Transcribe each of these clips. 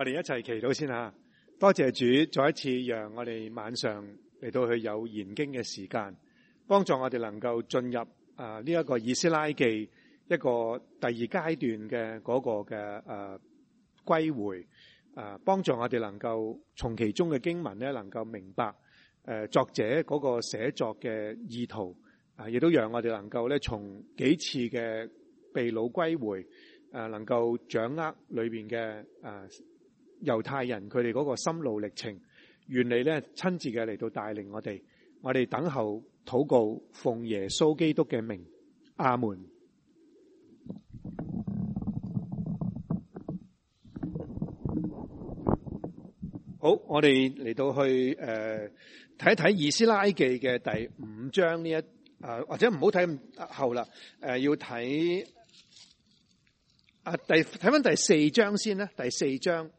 我哋一齊祈禱先吓，多謝主再一次讓我哋晚上嚟到去有研經嘅時間，幫助我哋能夠進入啊呢一個以斯拉記一個第二階段嘅嗰個嘅誒、呃、歸回，誒、呃、幫助我哋能夠從其中嘅經文咧能夠明白誒、呃、作者嗰個寫作嘅意圖，啊、呃、亦都讓我哋能夠咧從幾次嘅被擄歸回誒、呃、能夠掌握裏邊嘅誒。呃猶太人佢哋嗰個心路歷程，原嚟咧親自嘅嚟到帶領我哋，我哋等候禱告，奉耶穌基督嘅名，阿門。好，我哋嚟到去誒睇一睇以斯拉記嘅第五章呢一誒、呃，或者唔好睇後啦，誒、呃、要睇啊睇第睇翻第四章先啦，第四章。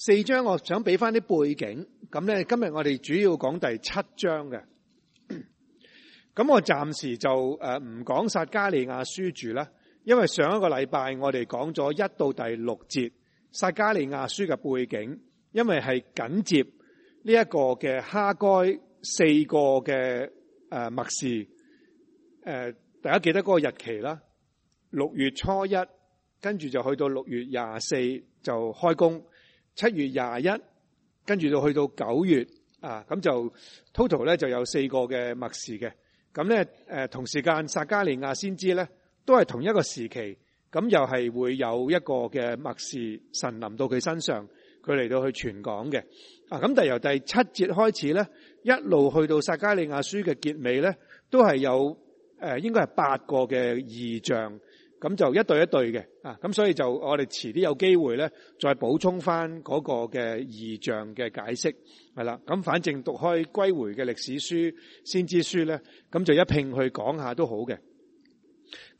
四章，我想俾翻啲背景。咁咧，今日我哋主要講第七章嘅。咁我暫時就誒唔講撒加利亞書住啦，因為上一個禮拜我哋講咗一到第六節撒加利亞書嘅背景，因為係緊接呢一個嘅哈該四個嘅誒默示。誒，大家記得嗰個日期啦，六月初一，跟住就去到六月廿四就開工。七月廿一，跟住到去到九月啊，咁就 total 咧就有四個嘅默示嘅。咁咧，誒、呃、同時間撒加利亞先知咧，都係同一個時期，咁又係會有一個嘅默示神臨到佢身上，佢嚟到去傳講嘅。啊，咁但係由第七節開始咧，一路去到撒加利亞書嘅結尾咧，都係有誒、呃，應該係八個嘅異象。咁就一對一對嘅，啊咁所以就我哋遲啲有機會咧，再補充返嗰個嘅異象嘅解釋，係啦。咁反正讀開歸回嘅歷史書先知書咧，咁就一併去講下都好嘅。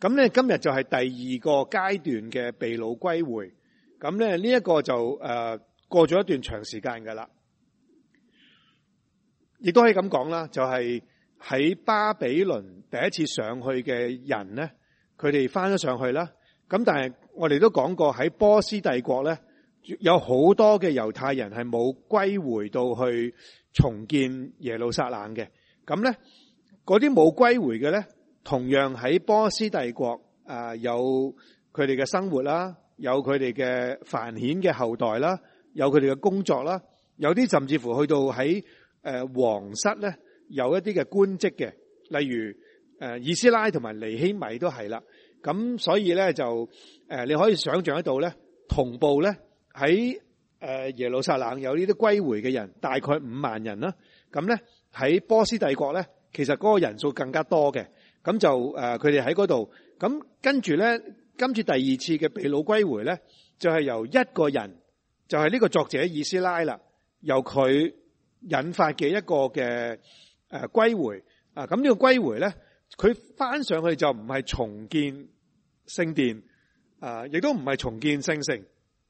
咁咧今日就係第二個階段嘅被擄歸回，咁咧呢一、這個就、呃、過咗一段長時間㗎啦。亦都可以咁講啦，就係、是、喺巴比倫第一次上去嘅人咧。佢哋翻咗上去啦，咁但係我哋都講過喺波斯帝國咧，有好多嘅猶太人係冇歸回到去重建耶路撒冷嘅。咁咧，嗰啲冇歸回嘅咧，同樣喺波斯帝國啊，有佢哋嘅生活啦，有佢哋嘅繁衍嘅後代啦，有佢哋嘅工作啦，有啲甚至乎去到喺誒皇室咧有一啲嘅官職嘅，例如。誒，以斯拉同埋尼希米都係啦，咁所以咧就誒，你可以想象得到咧，同步咧喺誒耶路撒冷有呢啲歸回嘅人，大概五萬人啦。咁咧喺波斯帝國咧，其實嗰個人數更加多嘅，咁就誒佢哋喺嗰度。咁跟住咧，今次第二次嘅被擄歸回咧，就係由一個人，就係呢個作者以斯拉啦，由佢引發嘅一個嘅誒歸回。啊，咁呢個歸回咧。佢翻上去就唔係重建聖殿，啊、呃，亦都唔係重建聖城，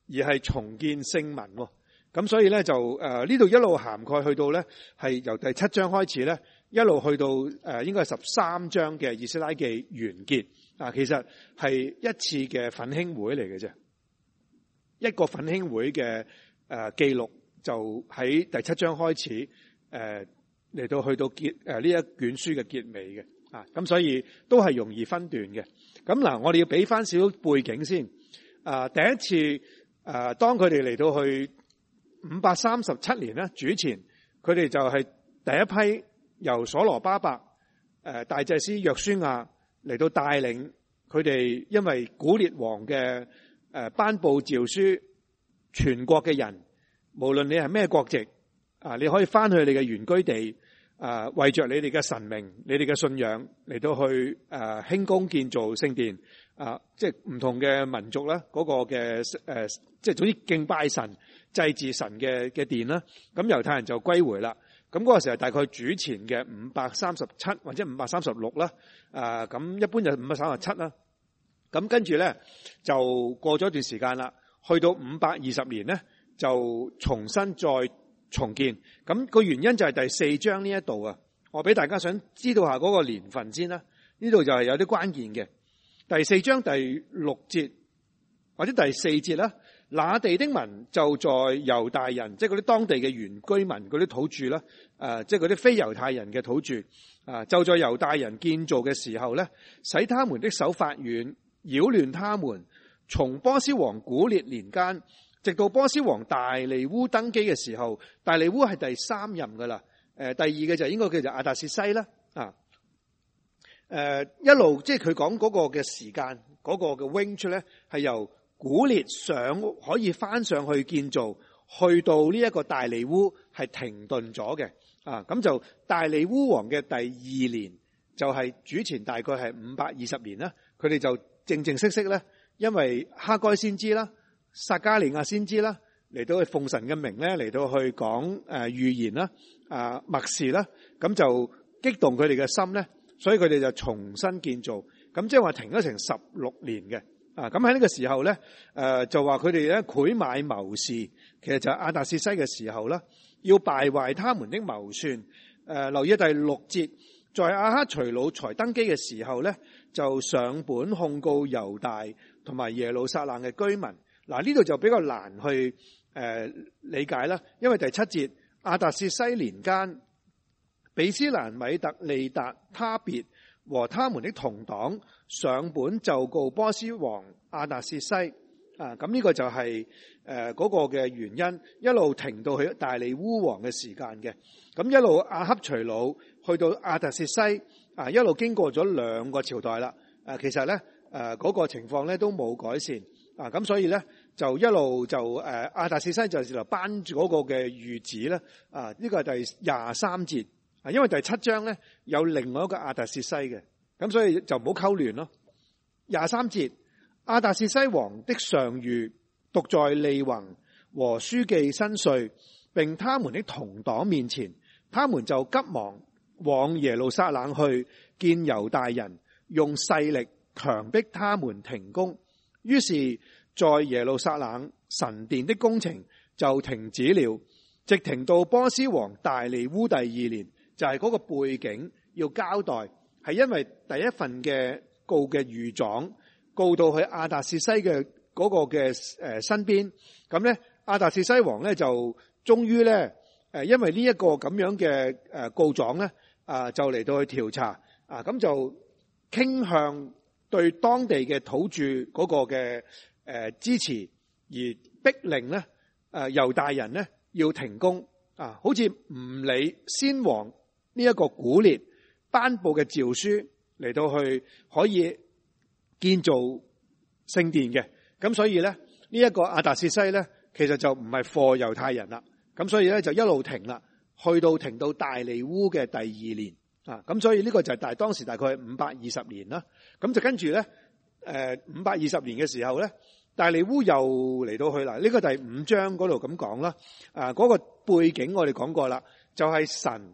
而係重建聖民、哦。咁所以咧就誒呢度一路涵蓋去到咧係由第七章開始咧，一路去到誒、呃、應該係十三章嘅以斯拉記完結。啊、呃，其實係一次嘅奮興會嚟嘅啫，一個奮興會嘅誒、呃、記錄就喺第七章開始，誒、呃、嚟到去到結誒呢、呃、一卷書嘅結尾嘅。啊，咁所以都係容易分段嘅。咁、啊、嗱，我哋要俾翻少少背景先。啊，第一次、啊、當當佢哋嚟到去五百三十七年咧主前，佢哋就係第一批由所羅巴伯誒、啊、大祭司約書亞嚟到帶領佢哋，因為古列王嘅誒頒布詔書，全國嘅人無論你係咩國籍啊，你可以翻去你嘅原居地。誒為、呃、着你哋嘅神明、你哋嘅信仰嚟到去誒，興、呃、功建造聖殿。啊、呃，即係唔同嘅民族啦，嗰、那個嘅誒、呃，即係總之敬拜神、祭祀神嘅嘅殿啦。咁猶太人就歸回啦。咁、那、嗰個時候大概主前嘅五百三十七或者五百三十六啦。誒、呃，咁一般就五百三十七啦。咁跟住咧就過咗一段時間啦，去到五百二十年咧就重新再。重建咁，個原因就係第四章呢一度啊，我俾大家想知道下嗰個年份先啦。呢度就係有啲關鍵嘅。第四章第六節或者第四節啦，那地的民就在猶大人，即係嗰啲當地嘅原居民嗰啲土著啦，誒，即係嗰啲非猶太人嘅土著啊，就在猶大人建造嘅時候呢，使他們的手發軟，擾亂他們。從波斯王古列年間。直到波斯王大利烏登基嘅時候，大利烏係第三任噶啦。誒，第二個就是應該叫做阿達薛西啦。啊，誒，一路即係佢講嗰個嘅時間，嗰，那個嘅 wing 出咧係由古列上可以翻上去建造，去到呢一個大利烏係停頓咗嘅。啊，咁就大利烏王嘅第二年，就係、是、主前大概係五百二十年啦。佢哋就正正式式咧，因為哈該先知啦。撒迦利亞先知啦，嚟到去奉神嘅名咧，嚟到去講誒預言啦，啊默示啦，咁就激動佢哋嘅心咧，所以佢哋就重新建造，咁即係話停咗成十六年嘅，啊咁喺呢個時候咧，誒、呃、就話佢哋咧賄買謀士，其實就亞達薛西嘅時候啦，要敗壞他們嘅謀算，誒、呃、留意第六節，在亞哈隨魯才登基嘅時候咧，就上本控告猶大同埋耶路撒冷嘅居民。嗱，呢度就比較難去誒理解啦，因為第七節，亞達薛西年間，比斯蘭、米特利達、他別和他們的同黨上本就告波斯王亞達薛西，啊，咁呢個就係誒嗰個嘅原因，一路停到去大利烏王嘅時間嘅，咁一路亞哈隨魯去到亞達薛西，啊，一路經過咗兩個朝代啦，其實呢，誒、那、嗰個情況呢都冇改善，啊，咁所以呢。就一路就誒、啊、亞達薛西就係頒住嗰個嘅諭旨咧，啊呢個係第廿三節啊，因為第七章咧有另外一個亞達薛西嘅，咁所以就唔好溝亂咯。廿三節亞達薛西王的上諭讀在利宏和書記伸帥，並他們的同黨面前，他們就急忙往耶路撒冷去，見猶大人用勢力強迫他們停工，於是，在耶路撒冷神殿的工程就停止了，直停到波斯王大利烏第二年，就係嗰個背景要交代，係因為第一份嘅告嘅御狀告到去阿達薛西嘅嗰個嘅誒身邊，咁咧阿達薛西王咧就終於咧誒，因為呢一個咁樣嘅誒告狀咧啊，就嚟到去調查啊，咁就傾向對當地嘅土著嗰個嘅。誒，支持而逼令咧，誒，猶大人咧要停工啊，好似唔理先王呢一個古列頒布嘅詔書嚟到去可以建造聖殿嘅，咁所以咧呢一個亞達薛西咧，其實就唔係貨猶太人啦，咁所以咧就一路停啦，去到停到大利烏嘅第二年啊，咁所以呢個就係大當時大概五百二十年啦，咁就跟住咧，誒，五百二十年嘅時候咧。大利烏又嚟到去啦，呢、這個第五章嗰度咁講啦。啊、呃，嗰、那個背景我哋講過啦，就係、是、神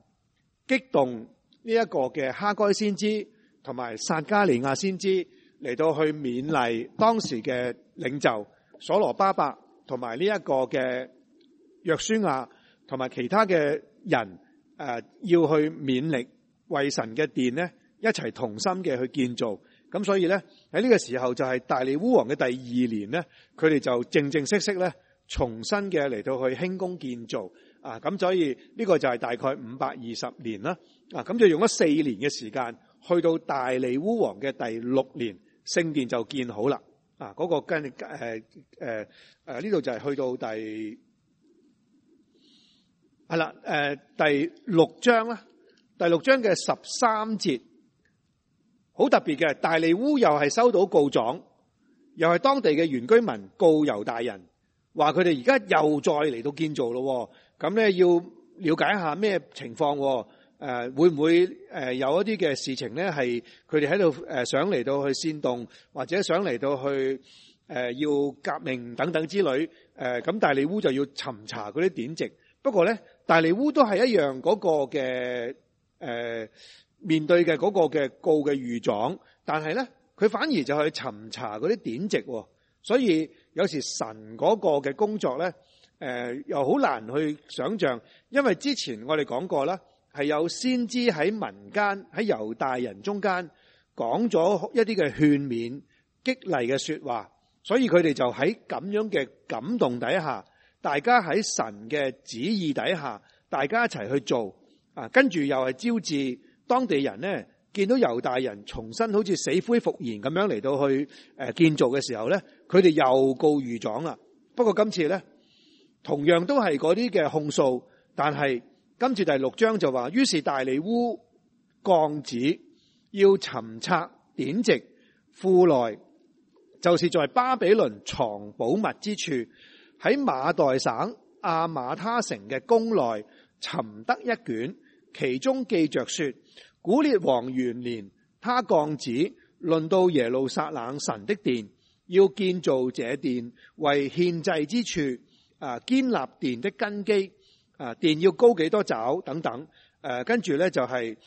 激動呢一個嘅哈該先知同埋撒迦利亞先知嚟到去勉勵當時嘅領袖所羅巴伯同埋呢一個嘅約書亞同埋其他嘅人，誒、呃、要去勉力為神嘅殿咧，一齊同心嘅去建造。咁所以咧，喺呢個時候就係大利烏王嘅第二年咧，佢哋就正正式式咧重新嘅嚟到去興工建造啊！咁所以呢個就係大概五百二十年啦啊！咁就用咗四年嘅時間，去到大利烏王嘅第六年，聖殿就建好啦啊！嗰個跟誒誒誒呢度就係去到第係啦誒第六章啦，第六章嘅十三節。好特別嘅，大利烏又係收到告狀，又係當地嘅原居民告猶大人，話佢哋而家又再嚟到建造咯，咁咧要了解一下咩情況，誒、呃、會唔會誒、呃、有一啲嘅事情咧係佢哋喺度誒想嚟到去煽動，或者想嚟到去誒要革命等等之類，誒、呃、咁大利烏就要尋查嗰啲典籍，不過咧大利烏都係一樣嗰個嘅誒。呃面對嘅嗰個嘅告嘅預狀，但係呢，佢反而就去尋查嗰啲典籍喎。所以有時神嗰個嘅工作呢，呃、又好難去想像，因為之前我哋講過啦，係有先知喺民間喺猶大人中間講咗一啲嘅勸勉激勵嘅說話，所以佢哋就喺咁樣嘅感動底下，大家喺神嘅旨意底下，大家一齊去做啊，跟住又係招致。當地人呢，見到猶大人重新好似死灰復燃咁樣嚟到去誒建造嘅時候呢，佢哋又告御狀啦。不過今次呢，同樣都係嗰啲嘅控訴，但係今次第六章就話，於是大利烏降旨要尋察典籍庫內，就是在巴比倫藏寶物之處喺馬代省阿馬他城嘅宮內尋得一卷，其中記著說。古列王元年，他降旨，論到耶路撒冷神的殿，要建造這殿為獻祭之處，啊，建立殿的根基，啊，殿要高幾多肘等等，誒、啊，跟住咧就係、是、誒、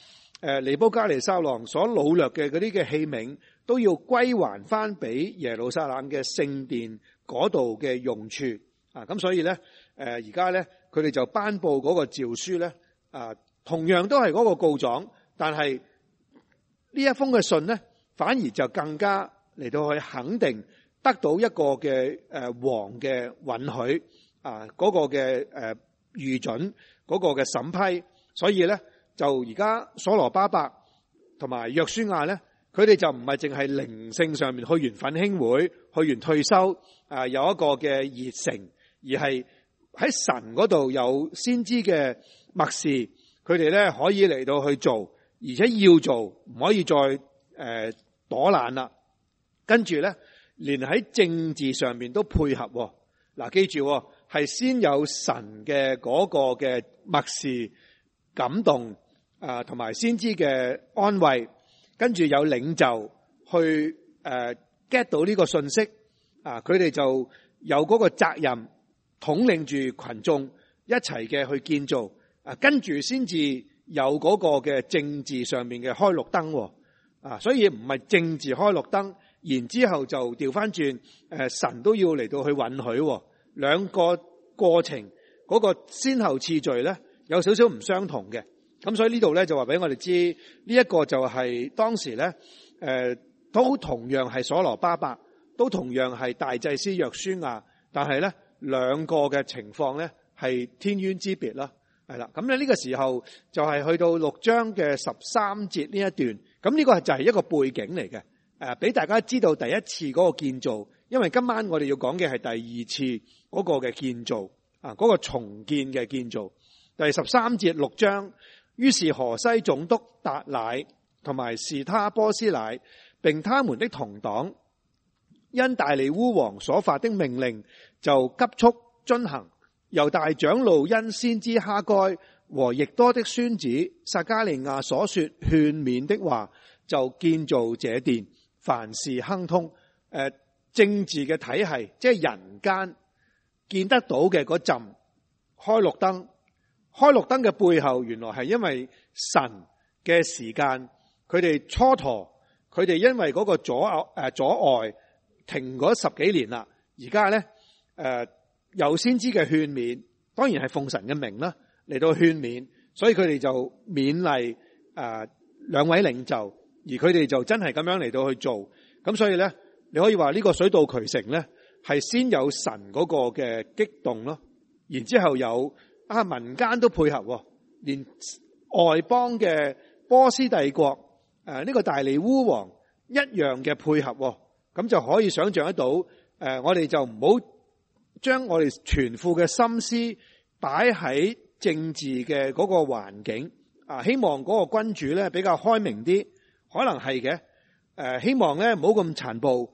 啊、尼布甲尼撒王所擄掠嘅嗰啲嘅器皿，都要歸還翻俾耶路撒冷嘅聖殿嗰度嘅用處，啊，咁所以咧，誒而家咧佢哋就頒布嗰個詔書咧，啊，同樣都係嗰個告狀。但係呢一封嘅信咧，反而就更加嚟到去肯定得到一個嘅誒、呃、王嘅允許啊，嗰、呃那個嘅誒御准嗰、那個嘅審批，所以咧就而家所羅巴伯同埋約書亞咧，佢哋就唔係淨係靈性上面去完奮興會，去完退休啊、呃、有一個嘅熱誠，而係喺神嗰度有先知嘅默示，佢哋咧可以嚟到去做。而且要做唔可以再，誒、呃、躲懶啦，跟住咧連喺政治上面都配合，哦。嗱，記住係、哦、先有神嘅嗰個嘅默示感動啊，同、呃、埋先知嘅安慰，跟住有領袖去誒 get、呃、到呢個信息啊，佢、呃、哋就有嗰個責任統領住群眾一齊嘅去建造啊、呃，跟住先至。有嗰個嘅政治上面嘅開綠燈，啊，所以唔係政治開綠燈，然之後就調翻轉，誒，神都要嚟到去允許，兩個過程嗰個先後次序呢，有少少唔相同嘅，咁所以呢度呢，就話俾我哋知，呢一個就係當時呢，誒，都同樣係所羅巴伯，都同樣係大祭司約書亞，但係呢兩個嘅情況呢，係天淵之別啦。係啦，咁咧，呢個時候就係去到六章嘅十三節呢一段，咁、這、呢個就係一個背景嚟嘅，誒俾大家知道第一次嗰個建造，因為今晚我哋要講嘅係第二次嗰個嘅建造，啊、那、嗰個重建嘅建造，第十三節六章，於是河西總督達乃同埋士他波斯乃，並他們的同黨，因大利烏王所發的命令，就急速進行。由大長老因先知哈該和亦多的孫子撒加利亞所說勸勉的話，就建造這殿，凡事亨通。誒，政治嘅體系，即係人間見得到嘅，嗰陣開綠燈，開綠燈嘅背後，原來係因為神嘅時間，佢哋蹉跎，佢哋因為嗰個阻誒阻礙停咗十幾年啦，而家咧誒。有先知嘅勸勉，當然係奉神嘅名啦，嚟到勸勉，所以佢哋就勉勵誒、呃、兩位領袖，而佢哋就真係咁樣嚟到去做，咁所以咧，你可以話呢個水到渠成咧，係先有神嗰個嘅激動咯，然之後有啊民間都配合、哦，連外邦嘅波斯帝國誒呢、呃呢個大利烏王一樣嘅配合、哦，咁就可以想象得到誒、呃，我哋就唔好。將我哋全副嘅心思擺喺政治嘅嗰個環境啊，希望嗰個君主咧比較開明啲，可能係嘅。誒，希望咧唔好咁殘暴誒，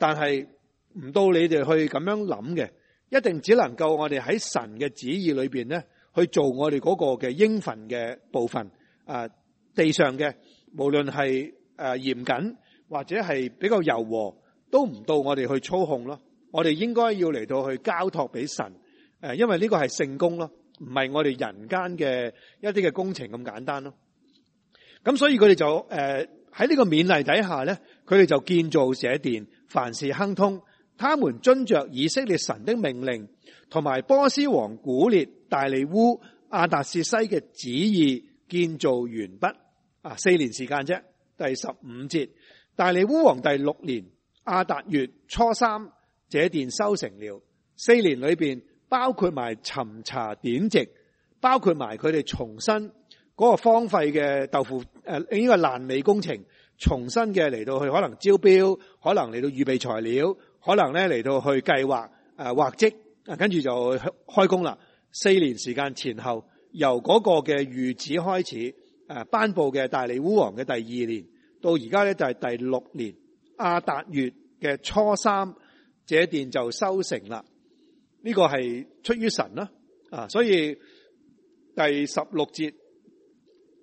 但係唔到你哋去咁樣諗嘅，一定只能夠我哋喺神嘅旨意裏邊咧去做我哋嗰個嘅應份嘅部分啊，地上嘅無論係誒嚴謹或者係比較柔和，都唔到我哋去操控咯。我哋應該要嚟到去交託俾神，誒，因為呢個係聖工咯，唔係我哋人間嘅一啲嘅工程咁簡單咯。咁所以佢哋就誒喺呢個勉勵底下咧，佢哋就建造社殿，凡事亨通。他們遵着以色列神的命令，同埋波斯王古列、大利烏、亞達薛西嘅旨意建造完畢。啊，四年時間啫。第十五節，大利烏王第六年亞達月初三。這殿修成了四年裏面包括埋尋查典籍，包括埋佢哋重新嗰個荒廢嘅豆腐誒呢個爛尾工程，重新嘅嚟到去可能招標，可能嚟到預備材料，可能咧嚟到去計、呃、劃誒畫則，跟住就開工啦。四年時間前後，由嗰個嘅御旨開始誒，頒、呃、布嘅大利烏王嘅第二年，到而家咧就係、是、第六年，亞達月嘅初三。這殿就修成啦，呢個係出於神啦。啊，所以第十六節，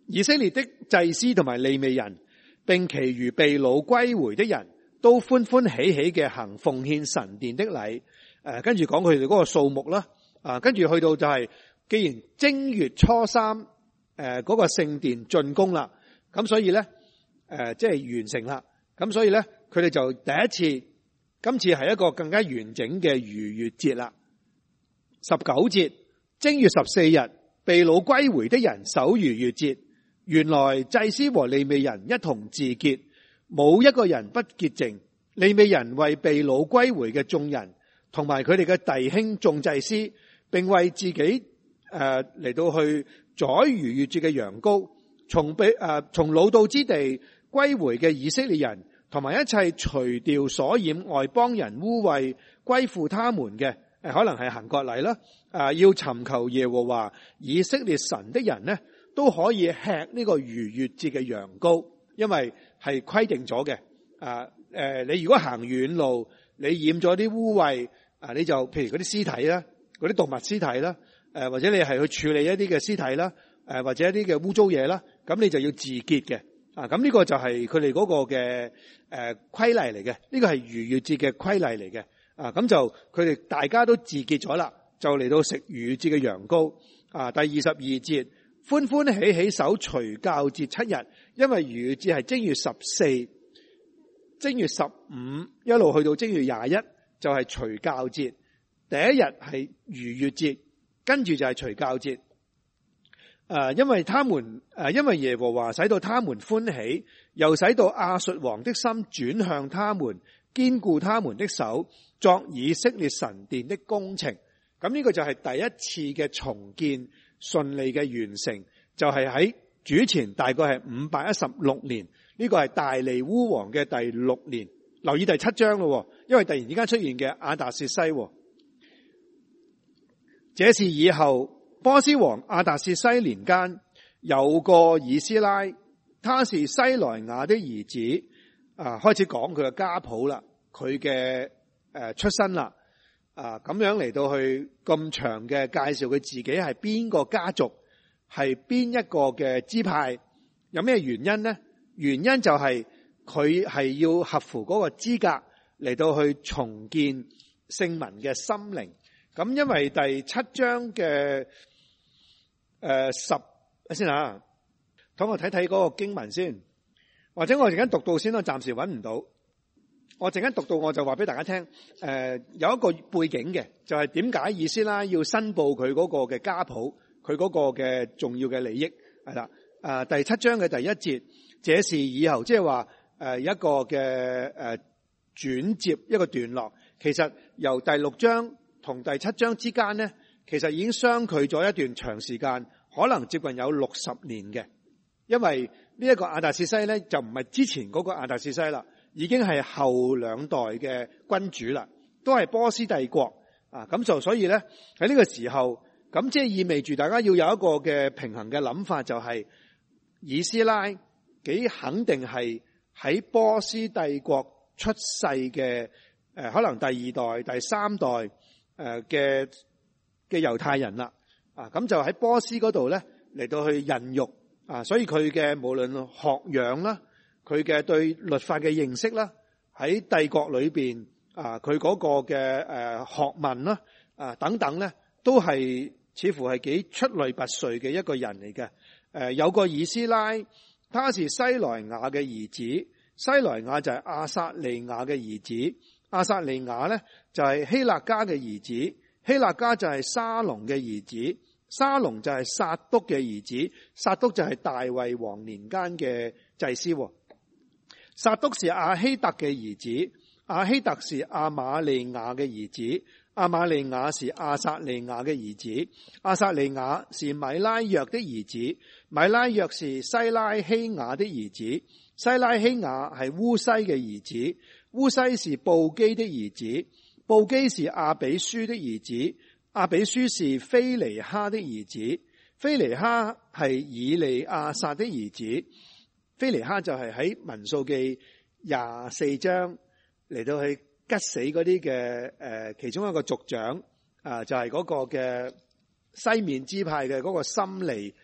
以色列的祭司同埋利未人，並其餘被擄歸回的人都歡歡喜喜嘅行奉獻神殿的禮，誒，跟住講佢哋嗰個數目啦，啊，跟住去到就係既然正月初三，誒，嗰個聖殿竣工啦，咁所以咧，誒，即係完成啦，咁所以咧，佢哋就第一次。今次係一個更加完整嘅逾越節啦，十九節正月十四日被擄歸回的人守逾越節，原來祭司和利未人一同自潔，冇一個人不潔淨。利未人為被擄歸回嘅眾人同埋佢哋嘅弟兄眾祭司，並為自己誒嚟、呃、到去宰逾越節嘅羊羔，從被誒、呃、從擄到之地歸回嘅以色列人。同埋一切除掉所染外邦人污穢歸附他們嘅，誒，可能係行割禮啦。啊，要尋求耶和華以色列神的人呢，都可以吃呢個逾越節嘅羊羔，因為係規定咗嘅。啊，誒、呃，你如果行遠路，你染咗啲污穢，啊，你就譬如嗰啲屍體啦，嗰啲動物屍體啦，誒、啊，或者你係去處理一啲嘅屍體啦，誒、啊，或者一啲嘅污糟嘢啦，咁你就要自潔嘅。啊，咁呢個就係佢哋嗰個嘅誒規例嚟嘅，呢個係逾越節嘅規例嚟嘅。啊，咁就佢哋大家都自潔咗啦，就嚟到食逾越節嘅羊羔。啊，第二十二節，歡歡喜喜守除酵節七日，因為逾越節係正月十四、正月十五一路去到正月廿一，就係除酵節。第一日係逾越節，跟住就係除酵節。誒，因為他們誒，因為耶和華使到他們歡喜，又使到亞述王的心轉向他們，堅固他們的手，作以色列神殿的工程。咁呢個就係第一次嘅重建順利嘅完成，就係喺主前大概係五百一十六年，呢個係大利烏王嘅第六年。留意第七章咯，因為突然之間出現嘅亞達薛西，這是以後。波斯王阿達斯西年間，有個以斯拉，他是西萊雅的兒子。啊，開始講佢嘅家譜啦，佢嘅誒出身啦。啊，咁樣嚟到去咁長嘅介紹佢自己係邊個家族，係邊一個嘅支派，有咩原因呢？原因就係佢係要合乎嗰個資格嚟到去重建聖民嘅心靈。咁因為第七章嘅誒十先吓，等我睇睇嗰個經文先，或者我陣間讀到先，我暫時揾唔到。我陣間讀到我就話俾大家聽，誒、呃、有一個背景嘅，就係點解以斯拉，要申報佢嗰個嘅家譜，佢嗰個嘅重要嘅利益係啦。誒、呃、第七章嘅第一節，這是以後即係話誒一個嘅誒、呃、轉接一個段落，其實由第六章，同第七章之間呢，其實已經相距咗一段長時間，可能接近有六十年嘅。因為呢一個亞達薛西呢，就唔係之前嗰個亞達薛西啦，已經係後兩代嘅君主啦，都係波斯帝國啊。咁就所以呢，喺呢個時候，咁即係意味住大家要有一個嘅平衡嘅諗法，就是，就係以斯拉幾肯定係喺波斯帝國出世嘅，呃，可能第二代、第三代誒嘅嘅猶太人啦，啊咁就喺波斯嗰度咧嚟到去孕育。啊，所以佢嘅無論學養啦，佢嘅對律法嘅認識啦，喺帝國裏面，啊，佢嗰個嘅學問啦，啊等等咧，都係似乎係幾出類拔萃嘅一個人嚟嘅。誒有個以斯拉，他是西萊亞嘅兒子，西萊亞就係阿薩利亞嘅兒子。阿薩利亞咧就係希臘家嘅兒子，希臘家就係沙龍嘅兒子，沙龍就係撒督嘅兒子，撒督就係大衛王年間嘅祭司。撒督是阿希達嘅兒子，阿希達是阿瑪利亞嘅兒子，阿瑪利亞是阿薩利亞嘅兒子，阿薩利亞是米拉約的兒子，米拉約是西拉希亞的兒子，西拉希亞係烏西嘅兒子。烏西是布基的兒子，布基是阿比舒的兒子，亞比書是菲尼哈的兒子，菲尼哈係以利亞撒的兒子，菲尼哈就係喺民數記廿四章嚟到去拮死嗰啲嘅誒其中一個族長啊、呃，就係、是、嗰個嘅西面支派嘅嗰個心利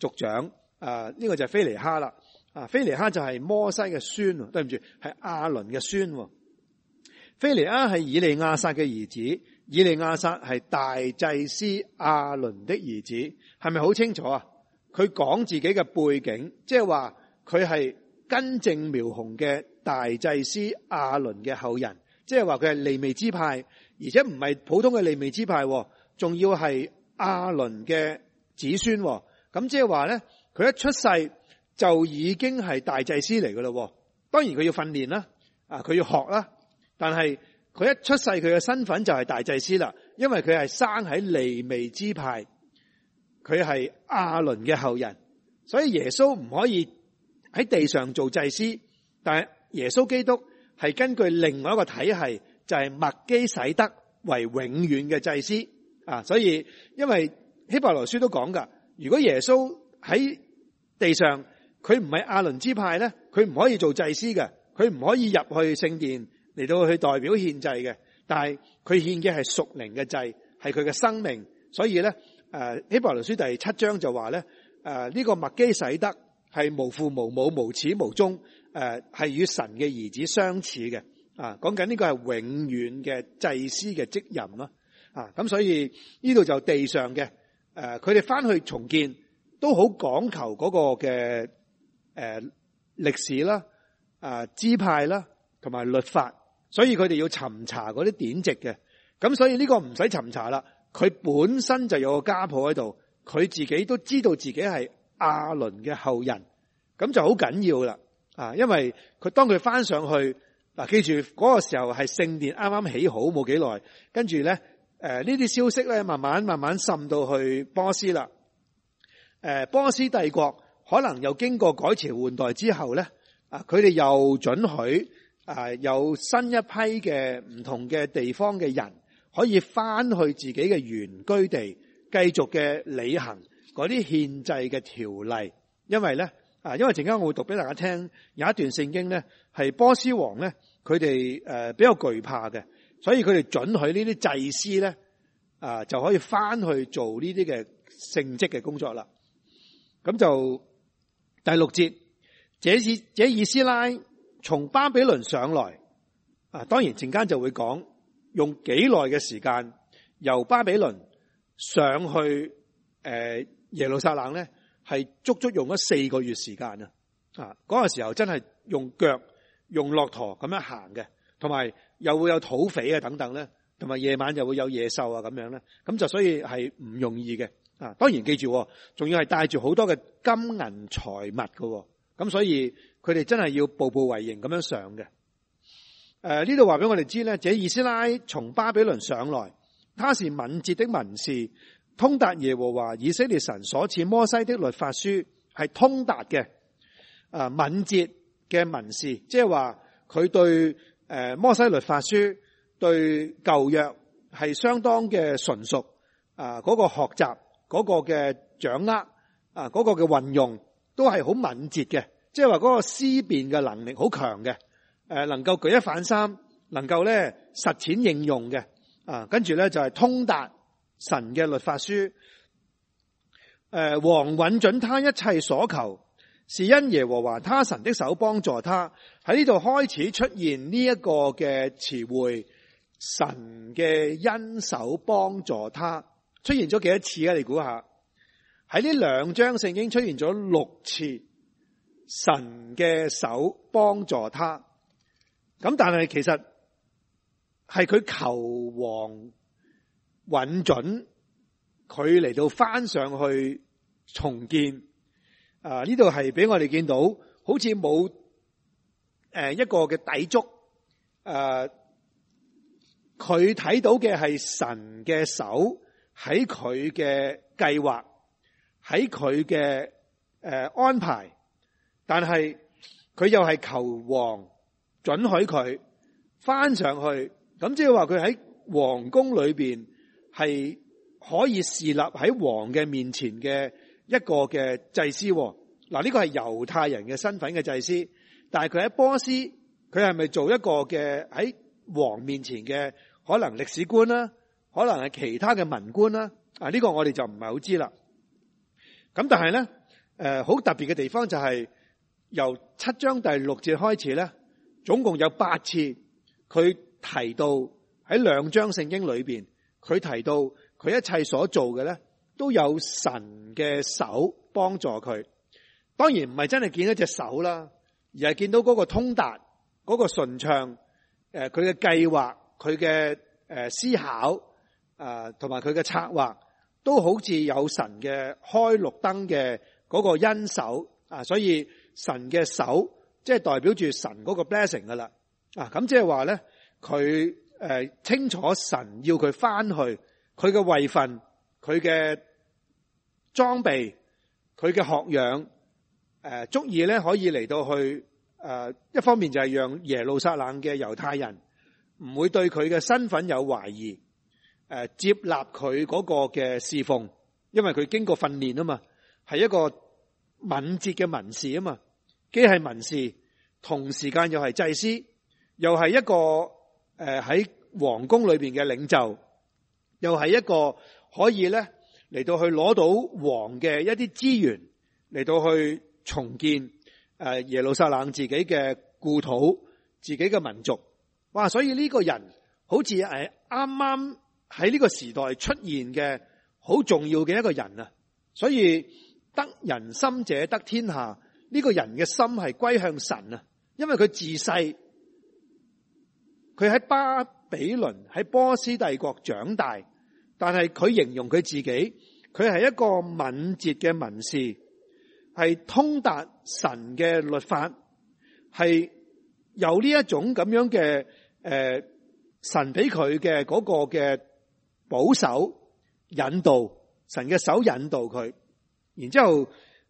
族長啊，呢、呃這個就係菲尼哈啦。啊，腓尼哈就係摩西嘅孫，對唔住，係阿倫嘅孫。菲尼哈係以利亞撒嘅兒子，以利亞撒係大祭司阿倫的兒子，係咪好清楚啊？佢講自己嘅背景，即係話佢係根正苗紅嘅大祭司阿倫嘅後人，即係話佢係利未支派，而且唔係普通嘅利未支派，仲要係阿倫嘅子孫。咁即係話咧，佢一出世，就已經係大祭司嚟噶啦，當然佢要訓練啦，啊佢要學啦，但係佢一出世佢嘅身份就係大祭司啦，因為佢係生喺利未支派，佢係亞倫嘅後人，所以耶穌唔可以喺地上做祭司，但係耶穌基督係根據另外一個體系，就係麥基洗德為永遠嘅祭司啊，所以因為希伯來書都講噶，如果耶穌喺地上，佢唔係亞倫之派咧，佢唔可以做祭司嘅，佢唔可以入去聖殿嚟到去代表獻祭嘅。但係佢獻嘅係屬靈嘅祭，係佢嘅生命。所以咧，誒希伯來書第七章就話咧，誒、這、呢個麥基洗德係無父無母無始無終，誒係與神嘅兒子相似嘅。啊，講緊呢個係永遠嘅祭司嘅職任咯。啊，咁所以呢度就地上嘅，誒佢哋翻去重建都好講求嗰、那個嘅。誒，歷史啦，啊，支派啦，同埋律法，所以佢哋要尋查嗰啲典籍嘅。咁所以呢個唔使尋查啦，佢本身就有個家譜喺度，佢自己都知道自己係亞倫嘅後人，咁就好緊要啦。啊，因為佢當佢翻上去嗱，記住嗰個時候係聖殿啱啱起好冇幾耐，跟住咧，誒呢啲消息咧，慢慢慢慢滲到去波斯啦，誒波斯帝國。可能又經過改朝換代之後咧，啊，佢哋又准許啊有新一批嘅唔同嘅地方嘅人可以翻去自己嘅原居地，繼續嘅履行嗰啲憲制嘅條例。因為咧，啊，因為陣間我會讀俾大家聽有一段聖經咧，係波斯王咧，佢哋誒比較懼怕嘅，所以佢哋准許呢啲祭司咧啊就可以翻去做呢啲嘅聖職嘅工作啦。咁就。第六節，這是這以斯拉從巴比倫上來，啊，當然陣間就會講用幾耐嘅時間由巴比倫上去誒、呃、耶路撒冷咧，係足足用咗四個月時間啊！啊，嗰、那個時候真係用腳、用駱駝咁樣行嘅，同埋又會有土匪啊等等咧，同埋夜晚又會有野獸啊咁樣咧，咁就所以係唔容易嘅。啊，當然記住，仲要係帶住好多嘅金銀財物嘅，咁所以佢哋真係要步步為營咁樣上嘅。誒，呢度話俾我哋知咧，這以斯拉從巴比倫上來，他是敏捷的文士，通達耶和華以色列神所賜摩西的律法書，係通達嘅。誒，敏捷嘅文士，即係話佢對誒摩西律法書對舊約係相當嘅純熟。啊，嗰個學習。嗰個嘅掌握啊，嗰個嘅運用都係好敏捷嘅，即係話嗰個思辨嘅能力好強嘅，誒，能夠舉一反三，能夠咧實踐應用嘅，啊，跟住咧就係通達神嘅律法書，誒，王允准他一切所求，是因耶和華他神的手幫助他。喺呢度開始出現呢一個嘅詞彙，神嘅恩手幫助他。出現咗幾多次咧？你估下，喺呢兩章聖經出現咗六次，神嘅手幫助他。咁但係其實係佢求王允准佢嚟到返上去重建。啊，呢度係俾我哋見到，好似冇誒一個嘅抵觸。誒，佢睇到嘅係神嘅手。喺佢嘅計劃，喺佢嘅誒安排，但係佢又係求王准許佢翻上去，咁即係話佢喺皇宮裏邊係可以侍立喺王嘅面前嘅一個嘅祭司。嗱，呢個係猶太人嘅身份嘅祭司，但係佢喺波斯，佢係咪做一個嘅喺王面前嘅可能歷史官啦？可能係其他嘅文官啦，啊、這、呢個我哋就唔係好知啦。咁但係咧，誒好特別嘅地方就係由七章第六節開始咧，總共有八次佢提到喺兩章聖經裏邊，佢提到佢一切所做嘅咧都有神嘅手幫助佢。當然唔係真係見一隻手啦，而係見到嗰個通達、嗰、嗰個順暢，誒佢嘅計劃、佢嘅誒思考。誒，同埋佢嘅策劃都好似有神嘅開綠燈嘅嗰個恩手啊，所以神嘅手即係代表住神嗰個 blessing 噶啦啊，咁即係話咧，佢誒清楚神要佢翻去，佢嘅位份、佢嘅裝備、佢嘅學養誒，足以咧可以嚟到去誒，一方面就係讓耶路撒冷嘅猶太人唔會對佢嘅身份有懷疑。誒，接納佢嗰個嘅侍奉，因為佢經過訓練啊嘛，係一個敏捷嘅文士啊嘛，既係文士，同時間又係祭司，又係一個誒喺皇宮裏邊嘅領袖，又係一個可以咧嚟到去攞到王嘅一啲資源嚟到去重建誒耶路撒冷自己嘅故土，自己嘅民族，哇！所以呢個人好似誒啱啱。喺呢個時代出現嘅好重要嘅一個人啊，所以得人心者得天下。呢個人嘅心係歸向神啊，因為佢自細佢喺巴比倫喺波斯帝國長大，但係佢形容佢自己，佢係一個敏捷嘅文士，係通達神嘅律法，係有呢一種咁樣嘅誒、呃、神俾佢嘅嗰個嘅。保守引導神嘅手引導佢，然之後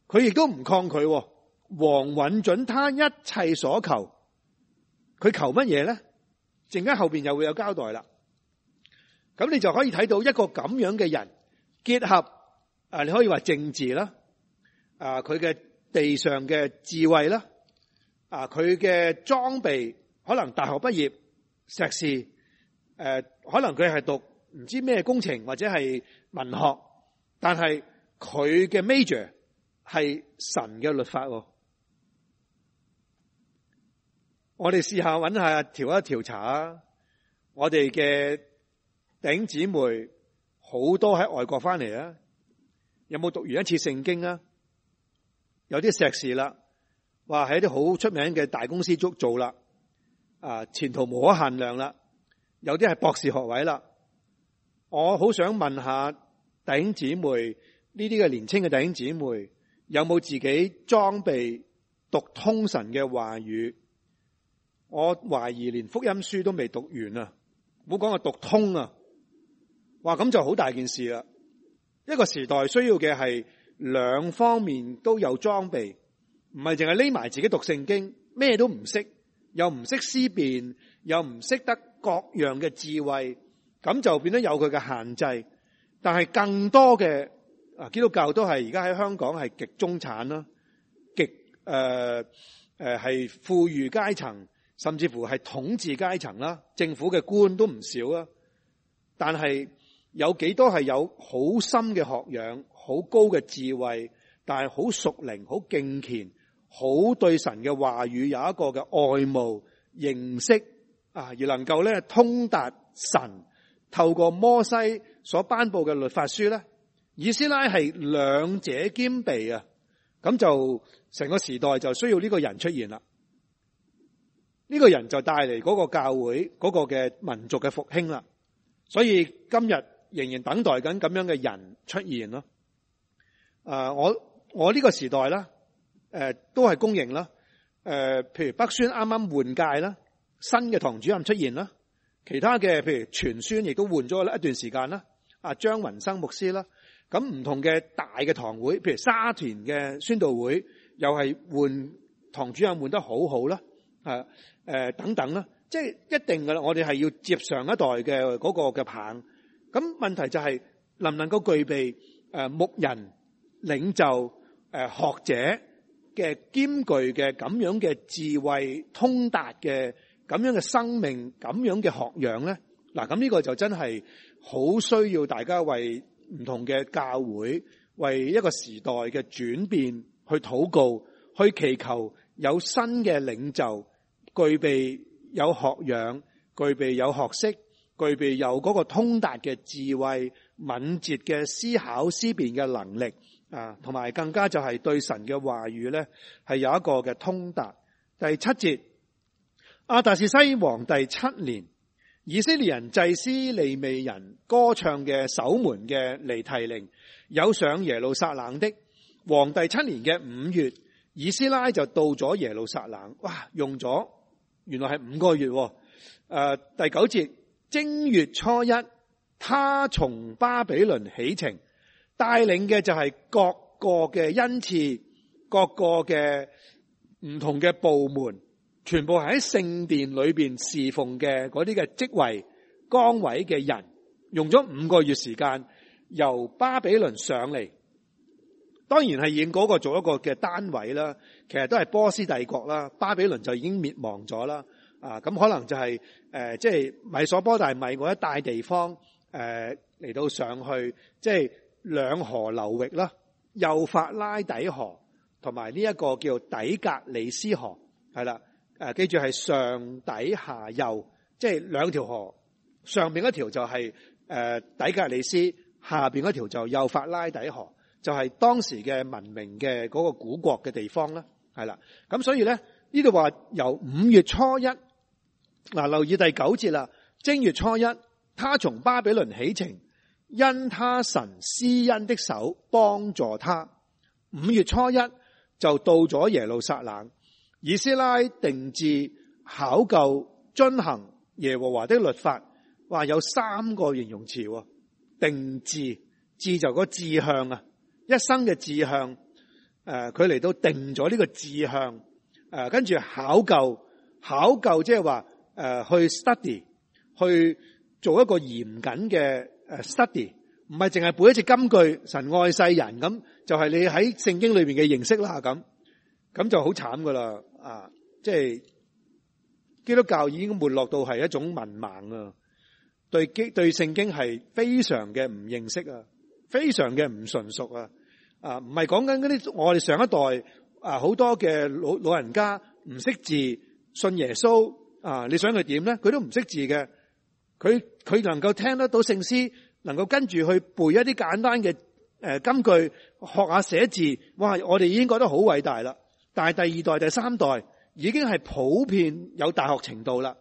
佢亦都唔抗拒。王允准他一切所求，佢求乜嘢咧？陣間後邊又會有交代啦。咁你就可以睇到一個咁樣嘅人，結合啊，你可以話政治啦，啊，佢嘅地上嘅智慧啦，啊，佢嘅裝備可能大學畢業碩士，誒，可能佢係讀。唔知咩工程或者係文學，但係佢嘅 major 係神嘅律法。我哋試下揾下調一調查啊！我哋嘅頂姊妹好多喺外國翻嚟啊，有冇讀完一次聖經啊？有啲碩士啦，話喺啲好出名嘅大公司做做啦，啊前途無可限量啦。有啲係博士學位啦。我好想問下弟兄姊妹，呢啲嘅年輕嘅弟兄姊妹有冇自己裝備讀通神嘅話語？我懷疑連福音書都未讀完啊！唔好講話讀通啊！哇，咁就好大件事啦！一個時代需要嘅係兩方面都有裝備，唔係淨係匿埋自己讀聖經，咩都唔識，又唔識思辨，又唔識得各樣嘅智慧。咁就變得有佢嘅限制，但係更多嘅啊，基督教都係而家喺香港係極中產啦，極誒係富裕階層，甚至乎係統治階層啦，政府嘅官都唔少啊。但係有幾多係有好深嘅學養、好高嘅智慧，但係好熟靈、好敬虔、好對神嘅話語有一個嘅愛慕認識啊，而能夠咧通達神。透過摩西所頒佈嘅律法書咧，以斯拉係兩者兼備啊！咁就成個時代就需要呢個人出現啦。呢、這個人就帶嚟嗰個教會嗰個嘅民族嘅復興啦。所以今日仍然等待緊咁樣嘅人出現咯。啊、呃，我我呢個時代咧，誒、呃，都係公認啦。誒、呃，譬如北宣啱啱換屆啦，新嘅堂主任出現啦。其他嘅，譬如傳宣，亦都換咗啦，一段時間啦。啊，張云生牧師啦，咁唔同嘅大嘅堂會，譬如沙田嘅宣道會，又係換堂主任換得好好啦。啊，誒、呃、等等啦，即、就、係、是、一定噶啦，我哋係要接上一代嘅嗰個嘅棒。咁問題就係、是、能唔能夠具備誒、呃、牧人領袖誒、呃、學者嘅兼具嘅咁樣嘅智慧通達嘅。咁樣嘅生命，咁樣嘅學養呢？嗱，咁呢個就真係好需要大家為唔同嘅教會，為一個時代嘅轉變去禱告，去祈求有新嘅領袖具備有學養、具備有學識、具備有嗰個通達嘅智慧、敏捷嘅思考思辨嘅能力啊，同埋更加就係對神嘅話語呢，係有一個嘅通達。第七節。亞達士西王第七年，以色列人祭司利未人歌唱嘅守門嘅尼提寧，有上耶路撒冷的。王第七年嘅五月，以斯拉就到咗耶路撒冷。哇，用咗原來係五個月。誒、呃，第九節，正月初一，他從巴比倫起程，帶領嘅就係各個嘅恩賜，各個嘅唔同嘅部門。全部喺聖殿裏邊侍奉嘅嗰啲嘅職位崗位嘅人，用咗五個月時間由巴比倫上嚟，當然係演嗰個做一個嘅單位啦。其實都係波斯帝國啦，巴比倫就已經滅亡咗啦。啊，咁可能就係誒，即係米索波大米嗰一帶地方誒嚟，到上去，即係兩河流域啦，幼發拉底河同埋呢一個叫底格里斯河係啦。誒，記住係上底下右，即係兩條河，上邊嗰條就係誒底格里斯，下邊嗰條就幼發拉底河，就係當時嘅文明嘅嗰個古國嘅地方啦，係啦。咁所以咧，呢度話由五月初一，嗱留意第九節啦，正月初一，他從巴比倫起程，因他神施恩的手幫助他，五月初一就到咗耶路撒冷。以斯拉定志考究遵行耶和華的律法，話有三個形容詞啊，定志，志就個志向啊，一生嘅志向，誒佢嚟到定咗呢個志向，誒跟住考究，考究即係話，誒去 study 去做一個嚴謹嘅誒 study，唔係淨係背一節金句神愛世人咁，就係你喺聖經裏邊嘅認識啦咁，咁就好慘噶啦。啊，即係基督教已經沒落到係一種文盲啊！對基對聖經係非常嘅唔認識啊，非常嘅唔純熟啊！啊，唔係講緊啲我哋上一代啊，好多嘅老老人家唔識字，信耶穌啊，你想佢點咧？佢都唔識字嘅，佢佢能夠聽得到聖詩，能夠跟住去背一啲簡單嘅誒，金句學下寫字，哇！我哋已經覺得好偉大啦～但係第二代、第三代已經係普遍有大學程度啦，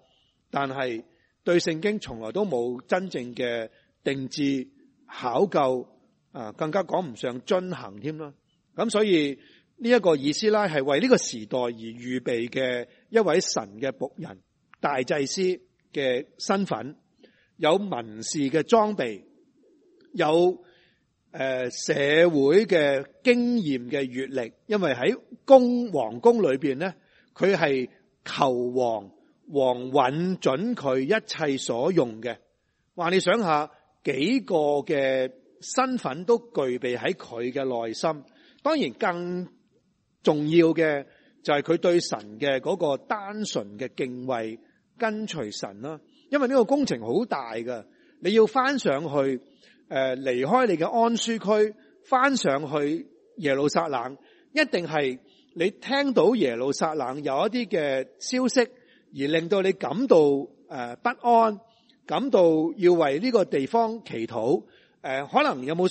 但係對聖經從來都冇真正嘅定制考究，啊，更加講唔上遵行添啦。咁所以呢一個以斯拉係為呢個時代而預備嘅一位神嘅僕人、大祭司嘅身份，有文士嘅裝備，有。誒，社會嘅經驗嘅閱歷，因為喺宮皇宮裏邊咧，佢係求王王允准佢一切所用嘅。話你想下，幾個嘅身份都具備喺佢嘅內心。當然，更重要嘅就係佢對神嘅嗰個單純嘅敬畏，跟隨神啦。因為呢個工程好大㗎，你要翻上去。誒，離開你嘅安舒區，翻上去耶路撒冷，一定係你聽到耶路撒冷有一啲嘅消息，而令到你感到誒不安，感到要為呢個地方祈禱。誒，可能有冇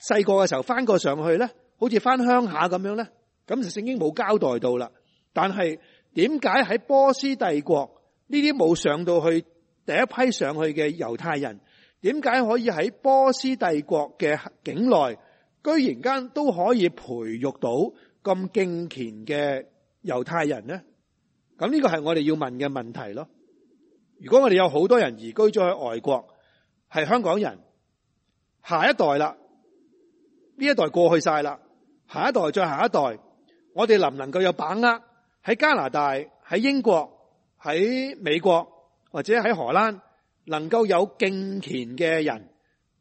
細個嘅時候翻過上去咧？好似翻鄉下咁樣咧？咁就聖經冇交代到啦。但係點解喺波斯帝國呢啲冇上到去第一批上去嘅猶太人？點解可以喺波斯帝國嘅境內，居然間都可以培育到咁敬虔嘅猶太人呢？咁呢個係我哋要問嘅問題咯。如果我哋有好多人移居咗去外國，係香港人，下一代啦，呢一代過去晒啦，下一代再下一代，我哋能唔能夠有把握喺加拿大、喺英國、喺美國或者喺荷蘭？能夠有敬虔嘅人，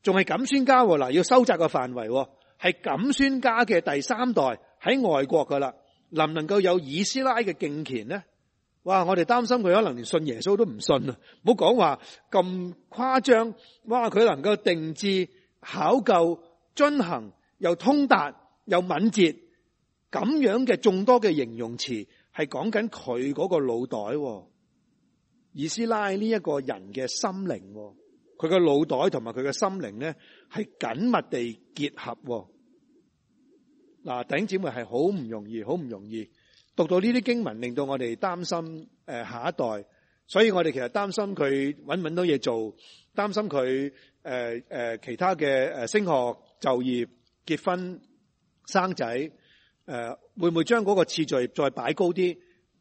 仲係錦孫家嗱，要收窄個範圍係錦孫家嘅第三代喺外國噶啦，能唔能夠有以斯拉嘅敬虔呢？哇！我哋擔心佢可能連信耶穌都唔信啊！唔好講話咁誇張，哇！佢能夠定志、考究、遵行，又通達又敏捷，咁樣嘅眾多嘅形容詞，係講緊佢嗰個腦袋。以斯拉呢一個人嘅心靈，佢嘅腦袋同埋佢嘅心靈咧係緊密地結合。嗱，弟兄姊妹係好唔容易，好唔容易讀到呢啲經文，令到我哋擔心。誒，下一代，所以我哋其實擔心佢搵唔搵到嘢做，擔心佢誒誒其他嘅誒升學、就業、結婚、生仔，誒會唔會將嗰個次序再擺高啲？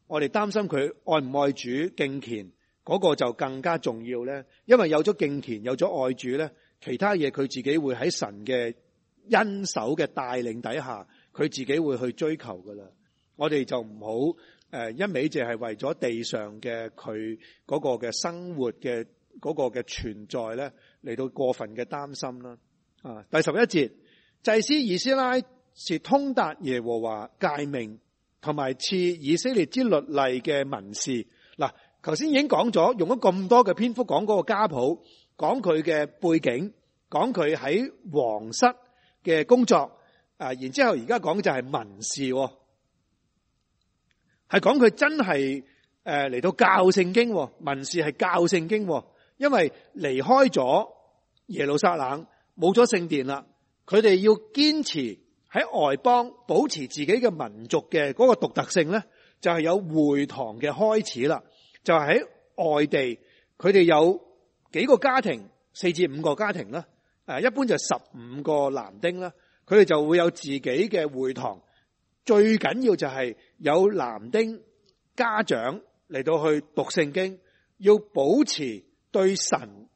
我哋擔心佢愛唔愛主、敬虔。嗰個就更加重要咧，因為有咗敬虔，有咗愛主咧，其他嘢，佢自己會喺神嘅恩手嘅帶領底下，佢自己會去追求噶啦。我哋就唔好誒，一味淨係為咗地上嘅佢嗰個嘅生活嘅嗰個嘅存在咧，嚟到過分嘅擔心啦。啊，第十一節，祭司以斯拉是通達耶和華誡命，同埋賜以色列之律例嘅文士嗱。頭先已經講咗，用咗咁多嘅篇幅講嗰個家譜，講佢嘅背景，講佢喺皇室嘅工作，啊，然之後而家講就係文士，係講佢真係誒嚟到教聖經文士係教聖經，因為離開咗耶路撒冷，冇咗聖殿啦，佢哋要堅持喺外邦保持自己嘅民族嘅嗰個獨特性咧，就係、是、有會堂嘅開始啦。就喺外地，佢哋有幾個家庭，四至五個家庭啦。誒，一般就十五個男丁啦。佢哋就會有自己嘅會堂，最緊要就係有男丁家長嚟到去讀聖經，要保持對神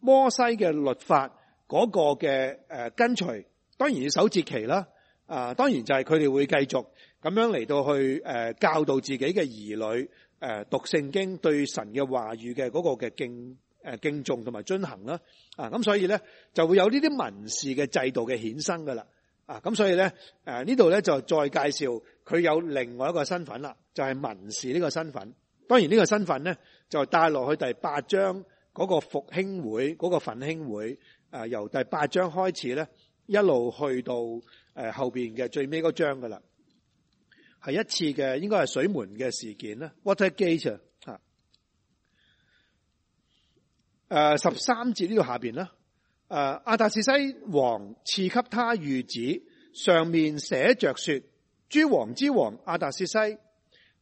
摩西嘅律法嗰個嘅誒跟隨。當然要守節期啦。啊，當然就係佢哋會繼續咁樣嚟到去誒教導自己嘅兒女。誒，讀聖經對神嘅話語嘅嗰個嘅敬誒敬重同埋遵行啦，啊，咁所以咧就會有呢啲文士嘅制度嘅衍生噶啦，啊，咁所以咧誒呢度咧就再介紹佢有另外一個身份啦，就係文士呢個身份。當然呢個身份咧就帶落去第八章嗰個復興會嗰個奮興會，誒由第八章開始咧一路去到誒後邊嘅最尾嗰章噶啦。係一次嘅，應該係水門嘅事件啦。Watergate 啊，誒，十三節呢度下邊啦。誒、啊，亞達薛西王賜給他諭旨，上面寫着說：諸王之王亞達薛西，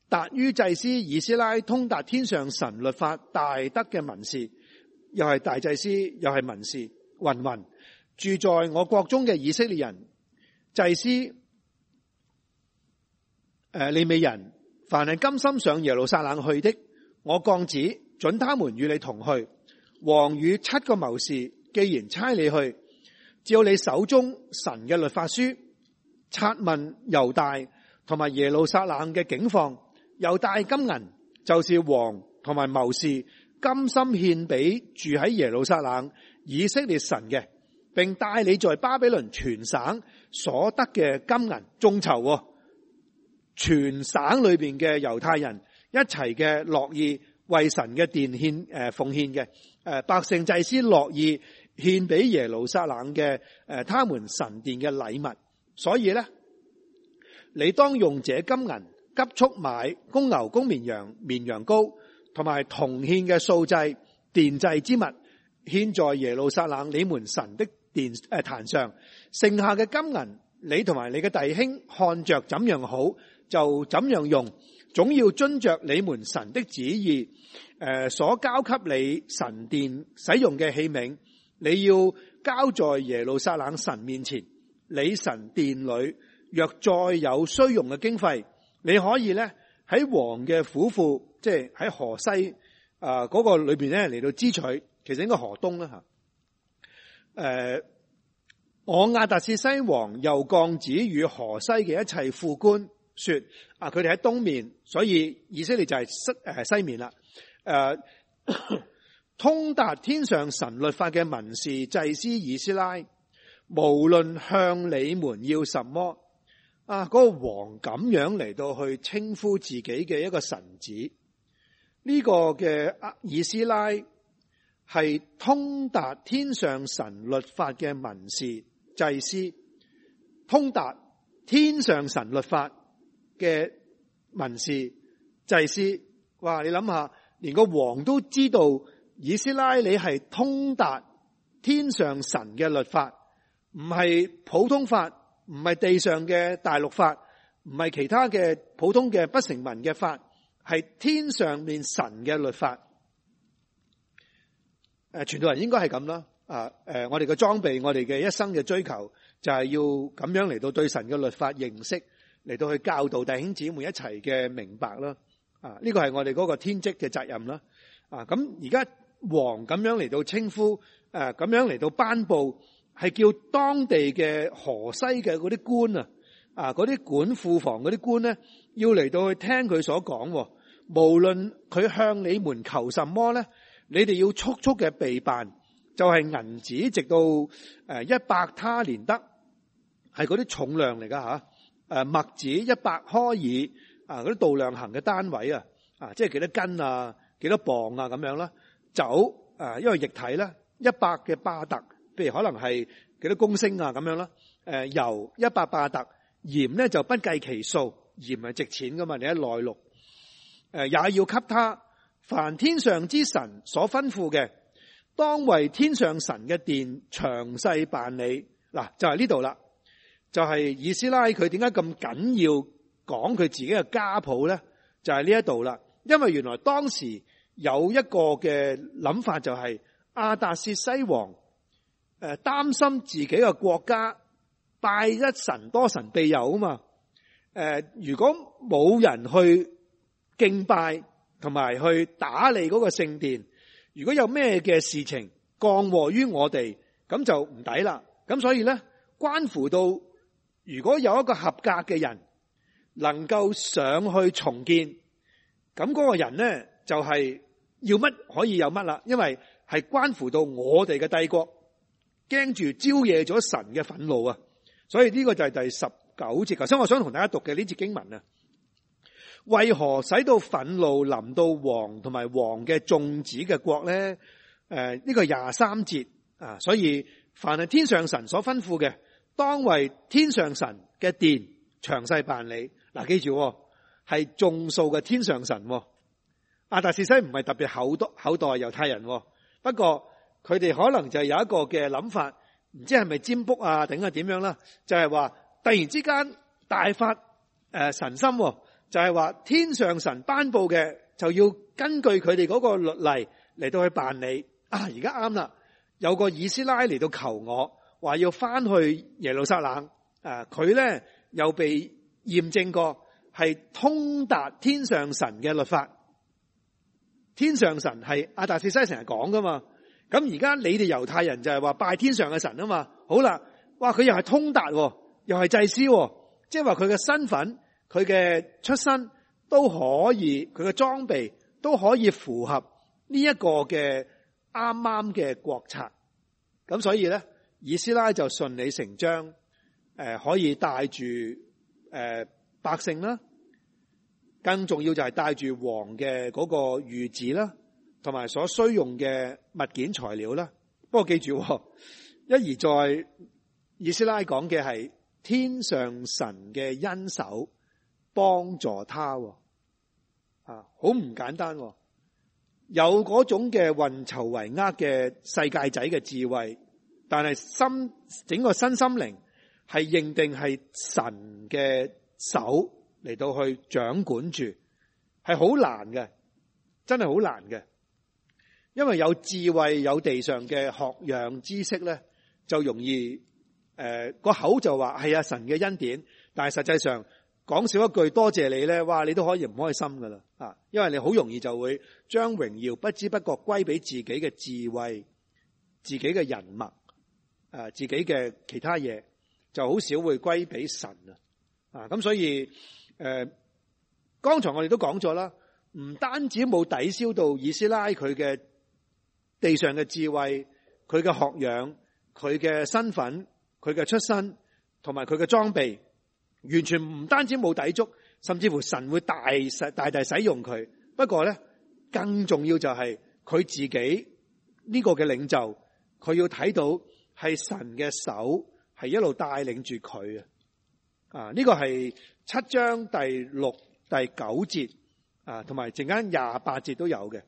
達於祭司以斯拉，通達天上神律法大德嘅文士，又係大祭司，又係文士，云云。住在我國中嘅以色列人祭司，誒，利未人，凡係甘心上耶路撒冷去的，我降旨准他們與你同去。王與七個謀士既然差你去，照你手中神嘅律法書，察問猶大同埋耶路撒冷嘅境況，猶大金銀就是王同埋謀士甘心獻俾住喺耶路撒冷以色列神嘅，並帶你在巴比倫全省所得嘅金銀眾籌。全省裏邊嘅猶太人一齊嘅樂意為神嘅殿獻誒奉獻嘅誒，百姓祭司樂意獻俾耶路撒冷嘅誒、呃，他們神殿嘅禮物。所以呢，你當用這金銀急速買公牛、公綿羊、綿羊羔，同埋同獻嘅素祭、奠祭之物，獻在耶路撒冷你們神的殿誒壇上。剩下嘅金銀，你同埋你嘅弟兄看着怎樣好。就怎樣用，總要遵着你們神的旨意，誒，所交給你神殿使用嘅器皿，你要交在耶路撒冷神面前。你神殿裏若再有需用嘅經費，你可以咧喺王嘅府庫，即係喺河西啊嗰個裏邊咧嚟到支取。其實應該是河東啦吓。誒、呃，我亞達斯西王又降旨與河西嘅一切副官。說啊，佢哋喺東面，所以以色列就係西誒西面啦。誒、啊， 通達天上神律法嘅文士祭司以斯拉，無論向你們要什麼啊，嗰、那個王咁樣嚟到去稱呼自己嘅一個神子。呢、這個嘅以斯拉係通達天上神律法嘅文士祭司，通達天上神律法。嘅文士祭司，哇！你諗下，連個王都知道，以斯拉你係通達天上神嘅律法，唔係普通法，唔係地上嘅大陸法，唔係其他嘅普通嘅不成文嘅法，係天上面神嘅律法。誒，傳道人應該係咁啦。啊，誒，我哋嘅裝備，我哋嘅一生嘅追求，就係要咁樣嚟到對神嘅律法認識。嚟到去教導弟兄姊妹一齊嘅明白啦，啊，呢個係我哋嗰個天職嘅責任啦，啊，咁而家王咁樣嚟到稱呼，誒，咁樣嚟到頒布，係叫當地嘅河西嘅嗰啲官啊，啊，嗰啲管庫房嗰啲官咧，要嚟到去聽佢所講，無論佢向你們求什麼咧，你哋要速速嘅備辦，就係銀紙，直到誒一百他連得，係嗰啲重量嚟噶吓。誒，麥子一百開爾，啊嗰啲度量衡嘅單位啊，啊即係幾多斤啊，幾多磅啊咁樣啦。酒，啊因為液體咧，一百嘅巴特，譬如可能係幾多公升啊咁樣啦。誒，油一百巴特，鹽咧就不計其數，鹽係值錢噶嘛，你喺內陸，誒、啊、也要給他。凡天上之神所吩咐嘅，當為天上神嘅殿詳細辦理。嗱、啊，就係呢度啦。就係以斯拉佢點解咁緊要講佢自己嘅家譜咧？就係呢一度啦，因為原來當時有一個嘅諗法就係亞達薛西王，誒，擔心自己嘅國家拜一神多神庇佑啊嘛，誒，如果冇人去敬拜同埋去打理嗰個聖殿，如果有咩嘅事情降禍於我哋，咁就唔抵啦。咁所以咧，關乎到，如果有一個合格嘅人能夠上去重建，咁嗰個人咧就係要乜可以有乜啦，因為係關乎到我哋嘅帝國，驚住招惹咗神嘅憤怒啊！所以呢個就係第十九節啊。頭先我想同大家讀嘅呢節經文啊，為何使到憤怒臨到王同埋王嘅眾子嘅國咧？誒，呢個廿三節啊，所以凡係天上神所吩咐嘅。當為天上神嘅殿詳細辦理，嗱，記住係眾數嘅天上神。阿達士西唔係特別厚待厚待猶太人，不過佢哋可能就有一個嘅諗法，唔知係咪占卜啊，定係點樣啦？就係話突然之間大發誒神心，就係話天上神頒布嘅就要根據佢哋嗰個律例嚟，到去辦理。啊，而家啱啦，有個以斯拉嚟到求我。話要翻去耶路撒冷，誒，佢咧又被驗證過係通達天上神嘅律法，天上神係亞達薛西成日講噶嘛，咁而家你哋猶太人就係話拜天上嘅神啊嘛，好啦，哇，佢又係通達，又係祭司，即係話佢嘅身份、佢嘅出身都可以，佢嘅裝備都可以符合呢一個嘅啱啱嘅國策，咁所以咧。以斯拉就順理成章，誒、呃，可以帶住誒百姓啦，更重要就係帶住王嘅嗰個御子啦，同埋所需用嘅物件材料啦。不過記住，一而再，以斯拉講嘅係天上神嘅恩手幫助他啊，好唔簡單。有嗰種嘅運籌帷幄嘅世界仔嘅智慧。但係心整個新心靈係認定係神嘅手嚟到去掌管住，係好難嘅，真係好難嘅。因為有智慧有地上嘅學養知識咧，就容易誒個、呃、口就話係啊神嘅恩典，但係實際上講少一句多謝你咧，哇你都可以唔開心噶啦啊，因為你好容易就會將榮耀不知不覺歸俾自己嘅智慧、自己嘅人脈。誒，自己嘅其他嘢就好少會歸俾神啊！啊，咁所以誒，剛才我哋都講咗啦，唔單止冇抵消到以斯拉佢嘅地上嘅智慧，佢嘅學養，佢嘅身份，佢嘅出身，同埋佢嘅裝備，完全唔單止冇抵觸，甚至乎神會大使大大使用佢。不過咧，更重要就係佢自己呢個嘅領袖，佢要睇到。係神嘅手，係一路帶領住佢啊！啊，呢個係七章第六、第九節啊，同埋陣間廿八節都有嘅。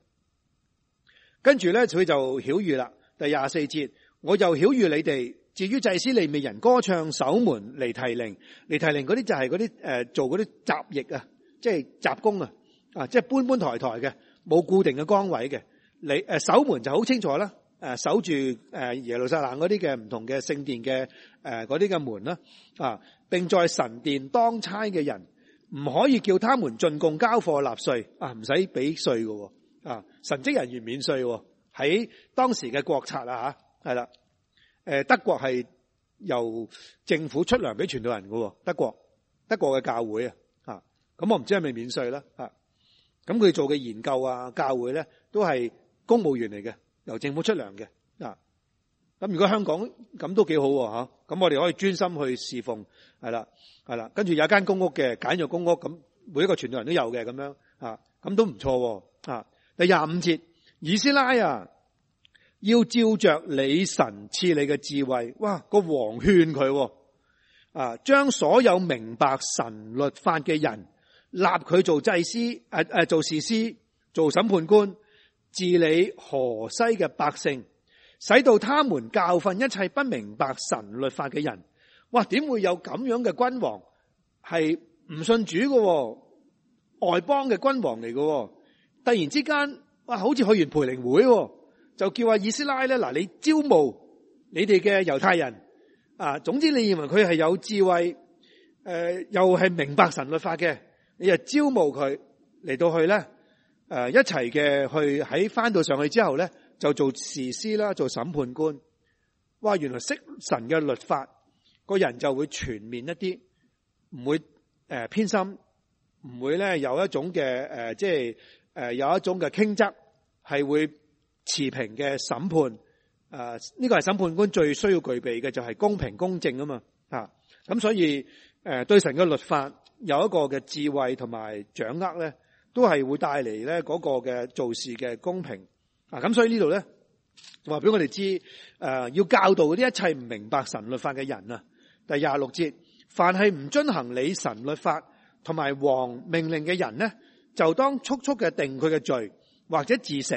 跟住咧，佢就曉喻啦。第廿四節，我又曉喻你哋。至於祭司、利未人、歌唱、守門、尼提寧、尼提寧嗰啲，就係嗰啲誒，做嗰啲雜役啊，即係雜工啊，啊，即係搬搬抬抬嘅，冇固定嘅崗位嘅。你誒，守門就好清楚啦。誒，守住誒耶路撒冷嗰啲嘅唔同嘅聖殿嘅誒嗰啲嘅門啦啊，並在神殿當差嘅人唔可以叫他們進貢交課納稅啊，唔使俾稅嘅喎啊，神職人員免稅喎。喺當時嘅國策啊吓，係啦，誒德國係由政府出糧俾傳道人嘅，德國德國嘅教會啊吓，咁我唔知係咪免稅啦吓，咁佢做嘅研究啊教會咧都係公務員嚟嘅。由政府出糧嘅啊，咁如果香港咁都幾好吓，咁我哋可以專心去侍奉係啦，係啦，跟住有間公屋嘅簡約公屋，咁每一個傳道人都有嘅咁樣啊，咁都唔錯啊。第廿五節，以斯拉啊，要照着你神賜你嘅智慧，哇，個王勸佢啊，將所有明白神律法嘅人立佢做祭司，誒、啊、誒，做士師，做審判官。治理河西嘅百姓，使到他們教訓一切不明白神律法嘅人。哇！點會有咁樣嘅君王係唔信主嘅外邦嘅君王嚟嘅？突然之間，哇！好似去完培靈會，就叫阿以斯拉咧嗱，你招募你哋嘅猶太人啊，總之你認為佢係有智慧，誒、呃、又係明白神律法嘅，你就招募佢嚟到去咧。誒，一齊嘅去喺返到上去之後咧，就做士師啦，做審判官。哇，原來識神嘅律法，個人就會全面一啲，唔會誒、呃、偏心，唔會咧有一種嘅誒、呃，即係誒、呃、有一種嘅傾側，係會持平嘅審判。誒、呃，呢、這個係審判官最需要具備嘅，就係、是、公平公正啊嘛。啊，咁所以誒、呃、對神嘅律法有一個嘅智慧同埋掌握咧。都係會帶嚟咧嗰個嘅做事嘅公平啊！咁所以呢度咧，就話俾我哋知，誒、呃，要教導啲一切唔明白神律法嘅人啊。第廿六節，凡係唔遵行你神律法同埋王命令嘅人呢，就當速速嘅定佢嘅罪，或者治死，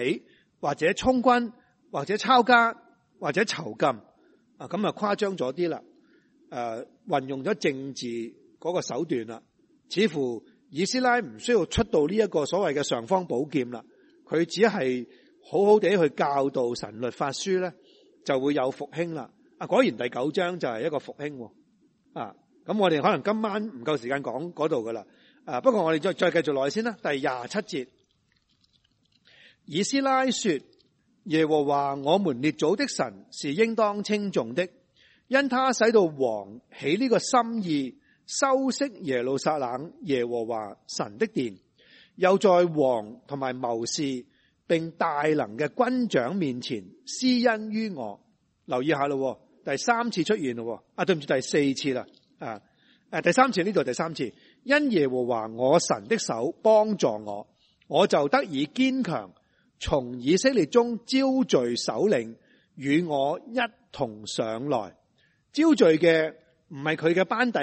或者充軍，或者抄家，或者囚禁啊！咁啊誇張咗啲啦，誒、呃，運用咗政治嗰個手段啦，似乎。以斯拉唔需要出到呢一個所謂嘅上方寶劍啦，佢只係好好地去教導神律法書咧，就會有復興啦。啊，果然第九章就係一個復興。啊，咁我哋可能今晚唔夠時間講嗰度噶啦。啊，不過我哋再再繼續落去先啦，第廿七節，以斯拉說：耶和華我們列祖的神是應當稱頌的，因他使到王起呢個心意。修飾耶路撒冷，耶和華神的殿，又在王同埋謀士並大能嘅軍長面前施恩於我。留意一下咯，第三次出現喎。啊對唔住，第四次啦，啊誒、啊、第三次呢度第三次，因耶和華我神的手幫助我，我就得以堅強，從以色列中招聚首領與我一同上來。招聚嘅唔係佢嘅班底。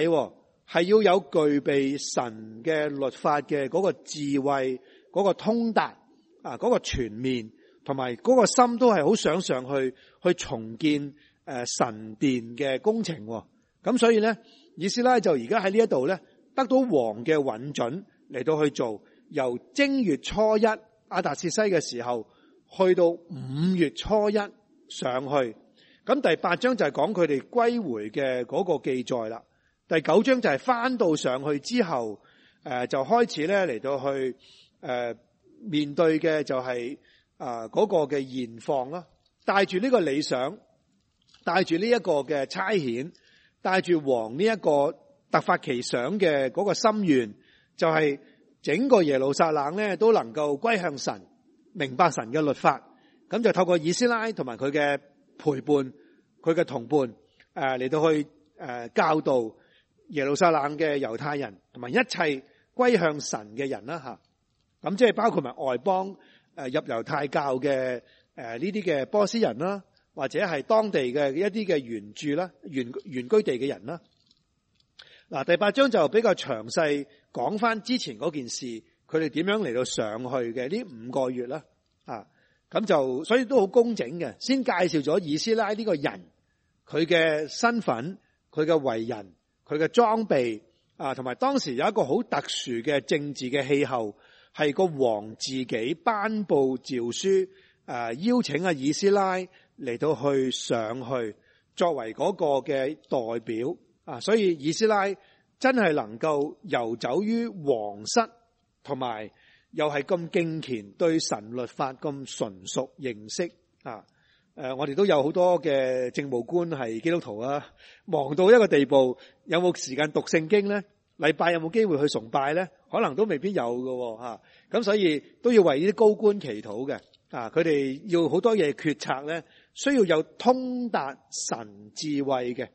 係要有具備神嘅律法嘅嗰個智慧，嗰個通達啊，嗰個全面同埋嗰個心都係好想上去去重建誒神殿嘅工程。咁所以咧，以斯拉就而家喺呢一度咧，得到王嘅允准嚟到去做，由正月初一阿達士西嘅時候去到五月初一上去。咁第八章就係講佢哋歸回嘅嗰個記載啦。第九章就係翻到上去之後，誒就開始咧嚟到去誒面對嘅就係嗰個嘅現況咯，帶住呢個理想，帶住呢一個嘅差遣，帶住王呢一個突發奇想嘅嗰個心願，就係整個耶路撒冷咧都能夠歸向神，明白神嘅律法，咁就透過以斯拉同埋佢嘅陪伴，佢嘅同伴誒嚟到去誒教導。耶路撒冷嘅猶太人同埋一切歸向神嘅人啦吓，咁即係包括埋外邦誒入猶太教嘅誒呢啲嘅波斯人啦，或者係當地嘅一啲嘅原住啦、原原居地嘅人啦。嗱，第八章就比較詳細講翻之前嗰件事，佢哋點樣嚟到上去嘅呢五個月啦嚇，咁就所以都好工整嘅，先介紹咗以斯拉呢個人佢嘅身份、佢嘅為人。佢嘅裝備啊，同埋當時有一個好特殊嘅政治嘅氣候，係個王自己頒布詔書，誒邀請阿以斯拉嚟到去上去，作為嗰個嘅代表啊，所以以斯拉真係能夠遊走於皇室，同埋又係咁敬虔，對神律法咁純熟認識啊。誒，我哋都有好多嘅政務官係基督徒啊，忙到一個地步，有冇時間讀聖經呢？禮拜有冇機會去崇拜呢？可能都未必有嘅吓。咁所以都要為呢啲高官祈禱嘅啊，佢哋要好多嘢決策呢，需要有通達神智慧嘅，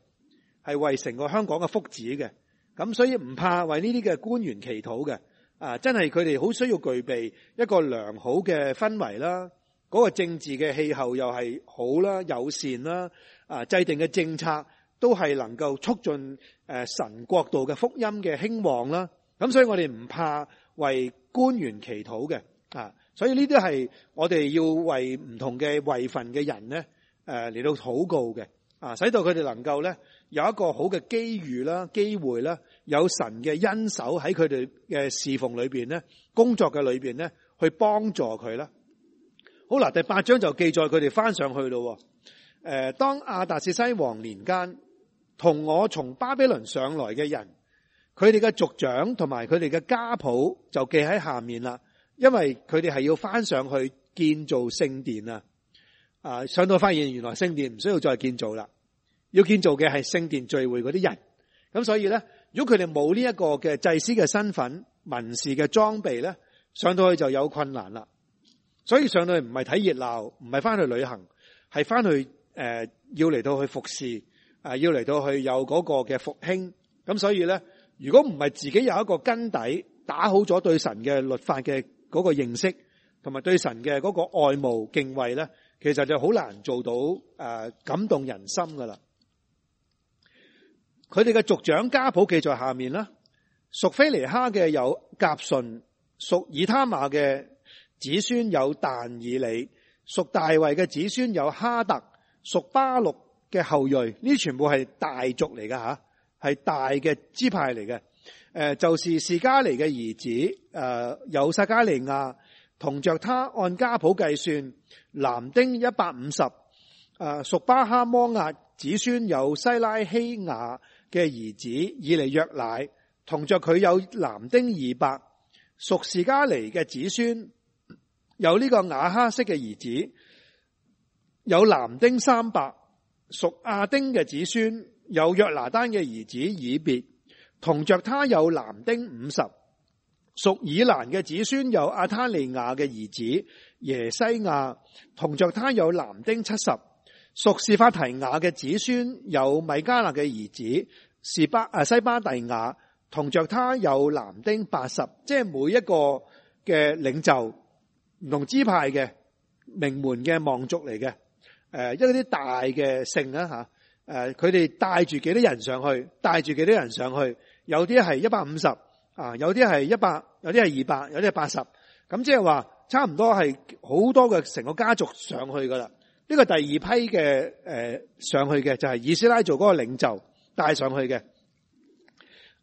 係為成個香港嘅福祉嘅。咁所以唔怕為呢啲嘅官員祈禱嘅啊，真係佢哋好需要具備一個良好嘅氛圍啦，啊。嗰個政治嘅氣候又係好啦，友善啦，啊，制定嘅政策都係能夠促進誒神國度嘅福音嘅興旺啦。咁所以我哋唔怕為官員祈禱嘅啊，所以呢啲係我哋要為唔同嘅位份嘅人咧，誒嚟到禱告嘅啊，使到佢哋能夠咧有一個好嘅機遇啦、機會啦，有神嘅恩手喺佢哋嘅侍奉裏邊咧、工作嘅裏邊咧，去幫助佢啦。好啦，第八章就記載佢哋翻上去咯。誒，當亞達薛西王年間，同我從巴比倫上來嘅人，佢哋嘅族長同埋佢哋嘅家譜就記喺下面啦。因為佢哋係要翻上去建造聖殿啊。啊，上到發現原來聖殿唔需要再建造啦，要建造嘅係聖殿聚會嗰啲人。咁所以咧，如果佢哋冇呢一個嘅祭司嘅身份，文士嘅裝備咧，上到去就有困難啦。所以上去唔係睇熱鬧，唔係返去旅行，係返去誒、呃，要嚟到去服侍，誒、呃，要嚟到去有嗰個嘅復興。咁所以咧，如果唔係自己有一個根底，打好咗對神嘅律法嘅嗰個認識，同埋對神嘅嗰個愛慕敬畏咧，其實就好難做到誒、呃、感動人心噶啦。佢哋嘅族長家譜記在下面啦，屬菲尼哈嘅有甲順，屬以他馬嘅。子孫有但以理，屬大衛嘅子孫有哈特，屬巴錄嘅後裔呢？全部係大族嚟㗎，吓，係大嘅支派嚟嘅。誒，就是士加尼嘅兒子誒、呃，有撒加利亞同著他按家譜計算男丁一百五十。誒，屬巴哈摩亞子孫有西拉希亞嘅兒子以利約乃同著佢有男丁二百，屬士加尼嘅子孫。有呢個雅哈悉嘅兒子，有男丁三百屬亞丁嘅子孫；有約拿單嘅兒子以別，同着他有男丁五十屬以蘭嘅子孫；有亞他利雅嘅兒子耶西亞，同着他有男丁七十屬示法提雅嘅子孫；有米加納嘅兒子西巴西巴第雅，同着他有男丁八十。即係每一個嘅領袖。唔同支派嘅名門嘅望族嚟嘅，誒，一啲大嘅姓啦吓，誒，佢哋帶住幾多人上去，帶住幾多人上去，有啲係一百五十，啊，有啲係一百，有啲係二百，有啲係八十，咁即係話差唔多係好多嘅成個家族上去噶啦。呢個第二批嘅誒上去嘅就係以斯拉做嗰個領袖帶上去嘅。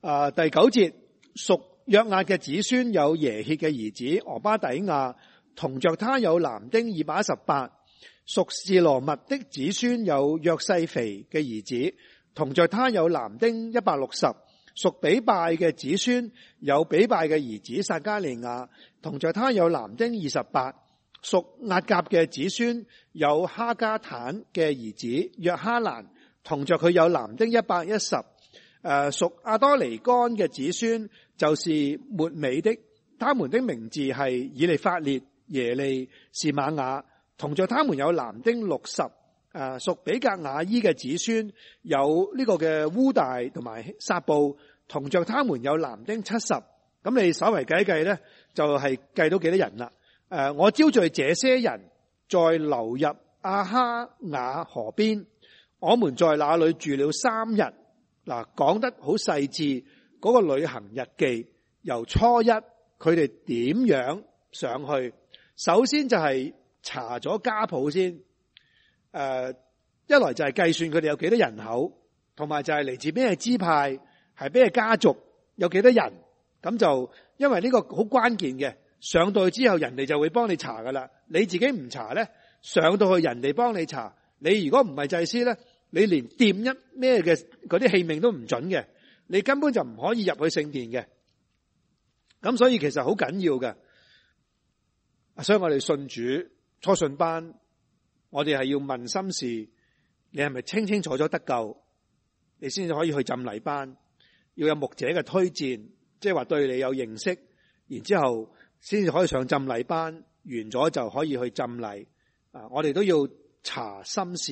啊，第九節，屬約押嘅子孫有耶歇嘅兒子俄巴底亞。同着他有男丁二百一十八，屬士羅密的子孫有約細肥嘅兒子；同着他有男丁一百六十，屬比拜嘅子孫有比拜嘅兒子撒加利亞；同着他有男丁二十八，屬亞甲嘅子孫有哈加坦嘅兒子約哈蘭；同着佢有男丁一百一十，誒，屬亞多尼干嘅子孫就是末尾的，他們的名字係以利法列。耶利示瑪雅同著他們有男丁六十，誒，屬比格瓦伊嘅子孫有呢個嘅烏大同埋撒布，同著他們有男丁七十，咁你稍微計一計咧，就係計到幾多人啦？誒，我招聚這些人在流入阿哈雅河邊，我們在那裏住了三日。嗱，講得好細緻，嗰個旅行日記由初一佢哋點樣上去。首先就係查咗家譜先，誒、呃，一來就係計算佢哋有幾多人口，同埋就係嚟自咩支派，係咩家族，有幾多人，咁就因為呢個好關鍵嘅，上到去之後，人哋就會幫你查噶啦，你自己唔查咧，上到去人哋幫你查，你如果唔係祭司咧，你連掂一咩嘅啲器皿都唔準嘅，你根本就唔可以入去聖殿嘅，咁所以其實好緊要嘅。所以我哋信主初信班，我哋係要問心事，你係咪清清楚楚得救，你先至可以去浸禮班，要有牧者嘅推薦，即係話對你有認識，然之後先至可以上浸禮班，完咗就可以去浸禮。啊！我哋都要查心事，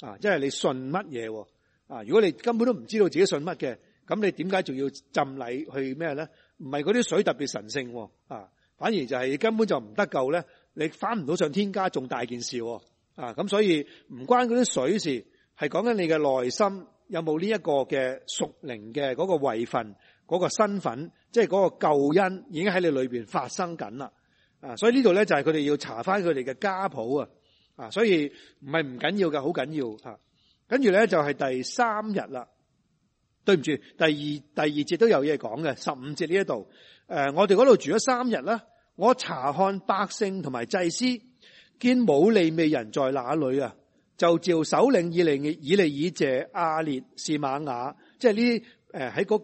啊，即係你信乜嘢？啊，如果你根本都唔知道自己信乜嘅，咁你點解仲要浸禮去咩呢？唔係嗰啲水特別神聖，啊！反而就係根本就唔得救咧，你翻唔到上天家仲大件事喎。啊啊，啊咁所以唔關嗰啲水事，係講緊你嘅內心有冇呢一個嘅屬靈嘅嗰個位份，嗰、嗰個身份，即係嗰個救恩已經喺你裏邊發生緊啦。啊，啊所以呢度咧，就係佢哋要查翻佢哋嘅家譜啊，啊所以唔係唔緊要㗎，好緊要吓。啊，跟住咧就係第三日啦，對唔住，第二第二節都有嘢講嘅，十五節呢一度，誒、呃、我哋嗰度住咗三日啦。我查看百姓同埋祭司，見冇利未人在哪裏啊？就召首領以利以利以謝阿列士瑪雅，即係呢誒喺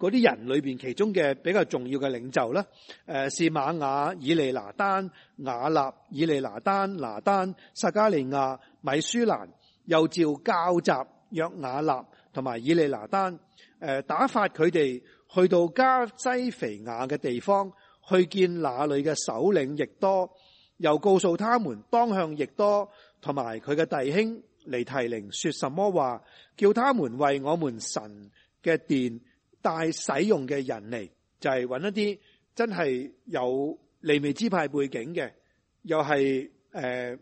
嗰啲人裏邊，其中嘅比較重要嘅領袖啦。誒、呃，士瑪雅以利拿丹瓦納以利拿丹拿丹撒加利亞米舒蘭，又召教集約瓦納同埋以利拿丹，誒、呃，打發佢哋去到加西肥雅嘅地方。去見那裏嘅首領，亦多，又告訴他們當向亦多同埋佢嘅弟兄尼提寧，說什麼話，叫他們為我們神嘅殿帶使用嘅人嚟，就係、是、搵一啲真係有利未支派背景嘅，又係誒、呃、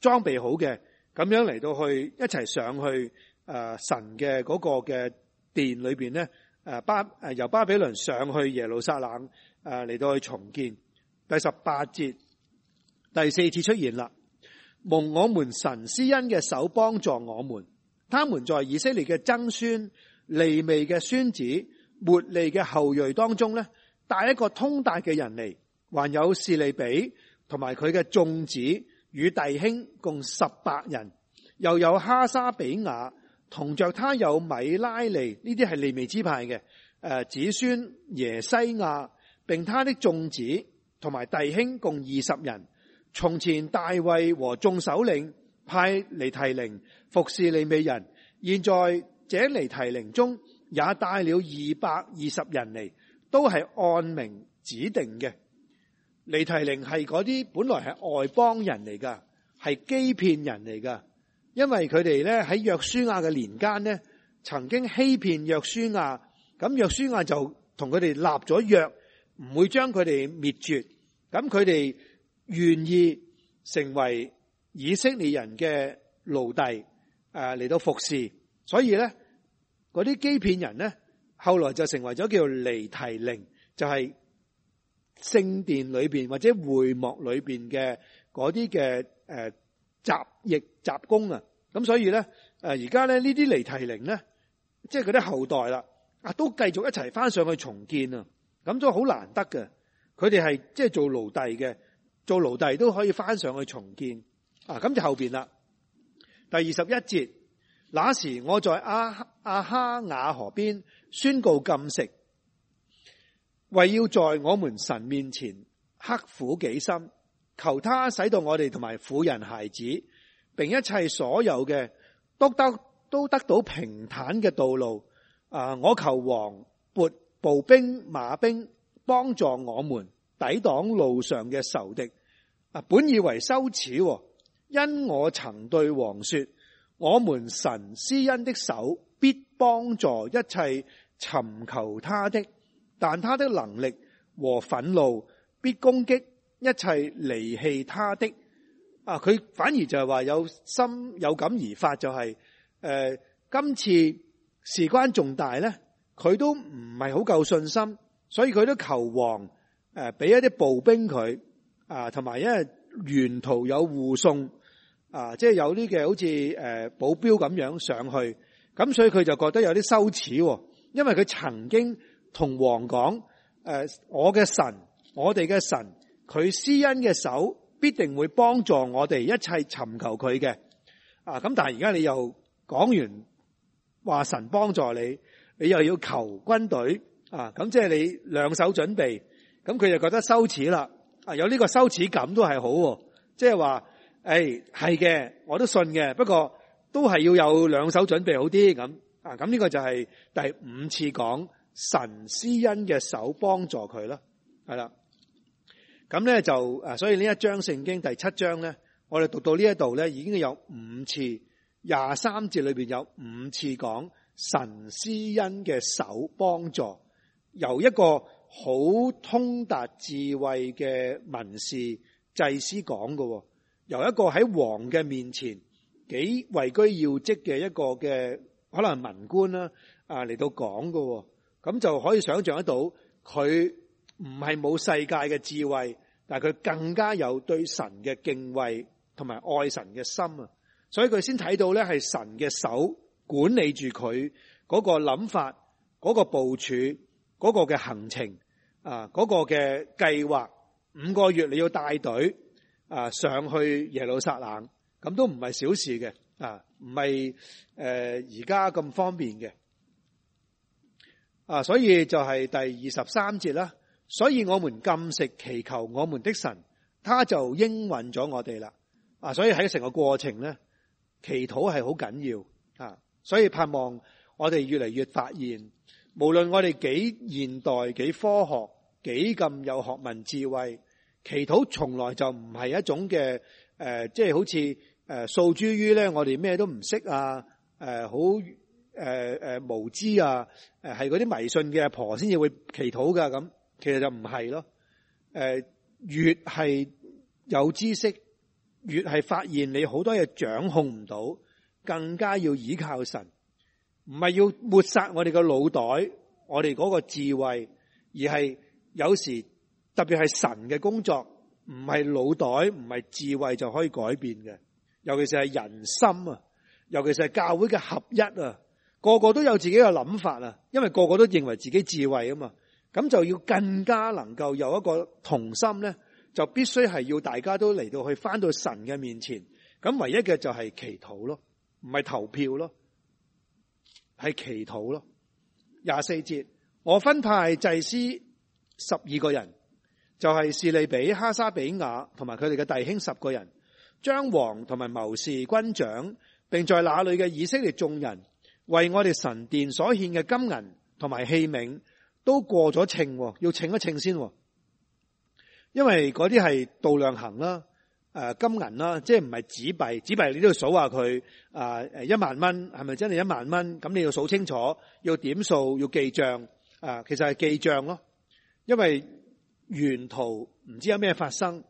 裝備好嘅，咁樣嚟到去一齊上去誒、呃、神嘅嗰個嘅殿裏邊咧，誒巴誒由巴比倫上去耶路撒冷。誒，嚟到去重建第十八節第四次出現啦。蒙我們神施恩嘅手幫助我們，他們在以色列嘅曾孫利未嘅孫子抹利嘅後裔當中呢帶一個通達嘅人嚟，還有士利比同埋佢嘅眾子與弟兄共十八人，又有哈沙比雅，同著他有米拉利，呢啲係利未支派嘅誒子孫耶西亞。並他的眾子同埋弟兄共二十人，從前大衛和眾首領派尼提寧服侍利未人，現在這尼提寧中也帶了二百二十人嚟，都係按名指定嘅。尼提寧係嗰啲本來係外邦人嚟噶，係欺騙人嚟噶，因為佢哋咧喺約書亞嘅年間呢曾經欺騙約書亞，咁約書亞就同佢哋立咗約。唔會將佢哋滅絕，咁佢哋願意成為以色列人嘅奴隸，誒、呃、嚟到服侍，所以咧嗰啲基遍人咧，後來就成為咗叫尼提寧，就係、是、聖殿裏邊或者會幕裏邊嘅嗰啲嘅誒雜役雜工啊，咁所以咧誒而家咧呢啲尼、呃、提寧咧，即係佢啲後代啦，啊都繼續一齊翻上去重建啊。咁都好難得㗎。佢哋係即係做奴隸嘅，做奴隸都可以翻上去重建啊！咁就後邊啦，第二十一節，那時我在阿阿哈雅河邊宣告禁食，為要在我們神面前刻苦己心，求他使到我哋同埋婦人孩子，並一切所有嘅都得都得到平坦嘅道路。啊！我求王撥。步兵、馬兵幫助我們抵擋路上嘅仇敵。啊，本以為羞恥，因我曾對王說：我們神施恩的手必幫助一切尋求他的，但他的能力和憤怒必攻擊一切離棄他的。啊，佢反而就係話有心有感而發，就係誒，今次事關重大咧。佢都唔係好夠信心，所以佢都求王誒，俾一啲步兵佢啊，同埋因為沿途有護送啊，即係有啲嘅好似誒保鏢咁樣上去，咁所以佢就覺得有啲羞恥，因為佢曾經同王講誒，我嘅神，我哋嘅神，佢施恩嘅手必定會幫助我哋一切尋求佢嘅啊，咁但係而家你又講完話神幫助你。你又要求軍隊啊？咁即係你兩手準備，咁佢就覺得羞恥啦。啊，有呢個羞恥感都係好，即係話，誒，係嘅，我都信嘅。不過都係要有兩手準備好啲咁啊。咁呢個就係第五次講神施恩嘅手幫助佢咯。係啦，咁咧就啊，所以呢一章聖經第七章咧，我哋讀到這裡呢一度咧，已經有五次廿三節裏邊有五次講。神施恩嘅手幫助，由一個好通達智慧嘅文士祭司講嘅，由一個喺王嘅面前幾位居要職嘅一個嘅可能係文官啦、啊，啊嚟到講嘅，咁就可以想象得到佢唔係冇世界嘅智慧，但係佢更加有對神嘅敬畏同埋愛神嘅心啊，所以佢先睇到咧係神嘅手，管理住佢嗰個諗法、嗰個部署、嗰個嘅行程啊、嗰個嘅計劃，五個月你要帶隊啊上去耶路撒冷，咁都唔係小事嘅啊，唔係誒而家咁方便嘅啊，所以就係第二十三節啦。所以我們禁食祈求我們的神，他就應允咗我哋啦。啊，所以喺成個過程咧，祈禱係好緊要啊。所以盼望我哋越嚟越發現，無論我哋幾現代、幾科學、幾咁有學問、智慧，祈禱從來就唔係一種嘅誒、呃，即係好似誒、呃、訴諸於咧，我哋咩都唔識啊，誒好誒誒無知啊，誒係嗰啲迷信嘅阿婆先至會祈禱噶，咁，其實就唔係咯。誒、呃、越係有知識，越係發現你好多嘢掌控唔到。更加要依靠神，唔係要抹殺我哋嘅腦袋，我哋嗰個智慧，而係有時特別係神嘅工作，唔係腦袋唔係智慧就可以改變嘅。尤其是係人心啊，尤其是係教會嘅合一啊，個個都有自己嘅諗法啊，因為個個都認為自己智慧啊嘛，咁就要更加能夠有一個同心咧，就必須係要大家都嚟到去翻到神嘅面前，咁唯一嘅就係祈禱咯。唔係投票咯，係祈禱咯。廿四節，我分派祭司十二個人，就係、是、示利比、哈沙比雅同埋佢哋嘅弟兄十個人，將王同埋謀士、軍長，並在那裏嘅以色列衆人，為我哋神殿所獻嘅金銀同埋器皿，都過咗稱，要稱一稱先，因為嗰啲係度量衡啦。誒，金銀啦，即係唔係紙幣？紙幣你都要數下佢，啊，誒一萬蚊係咪真係一萬蚊？咁你要數清楚，要點數，要記賬，啊，其實係記賬咯。因為沿途唔知有咩發生，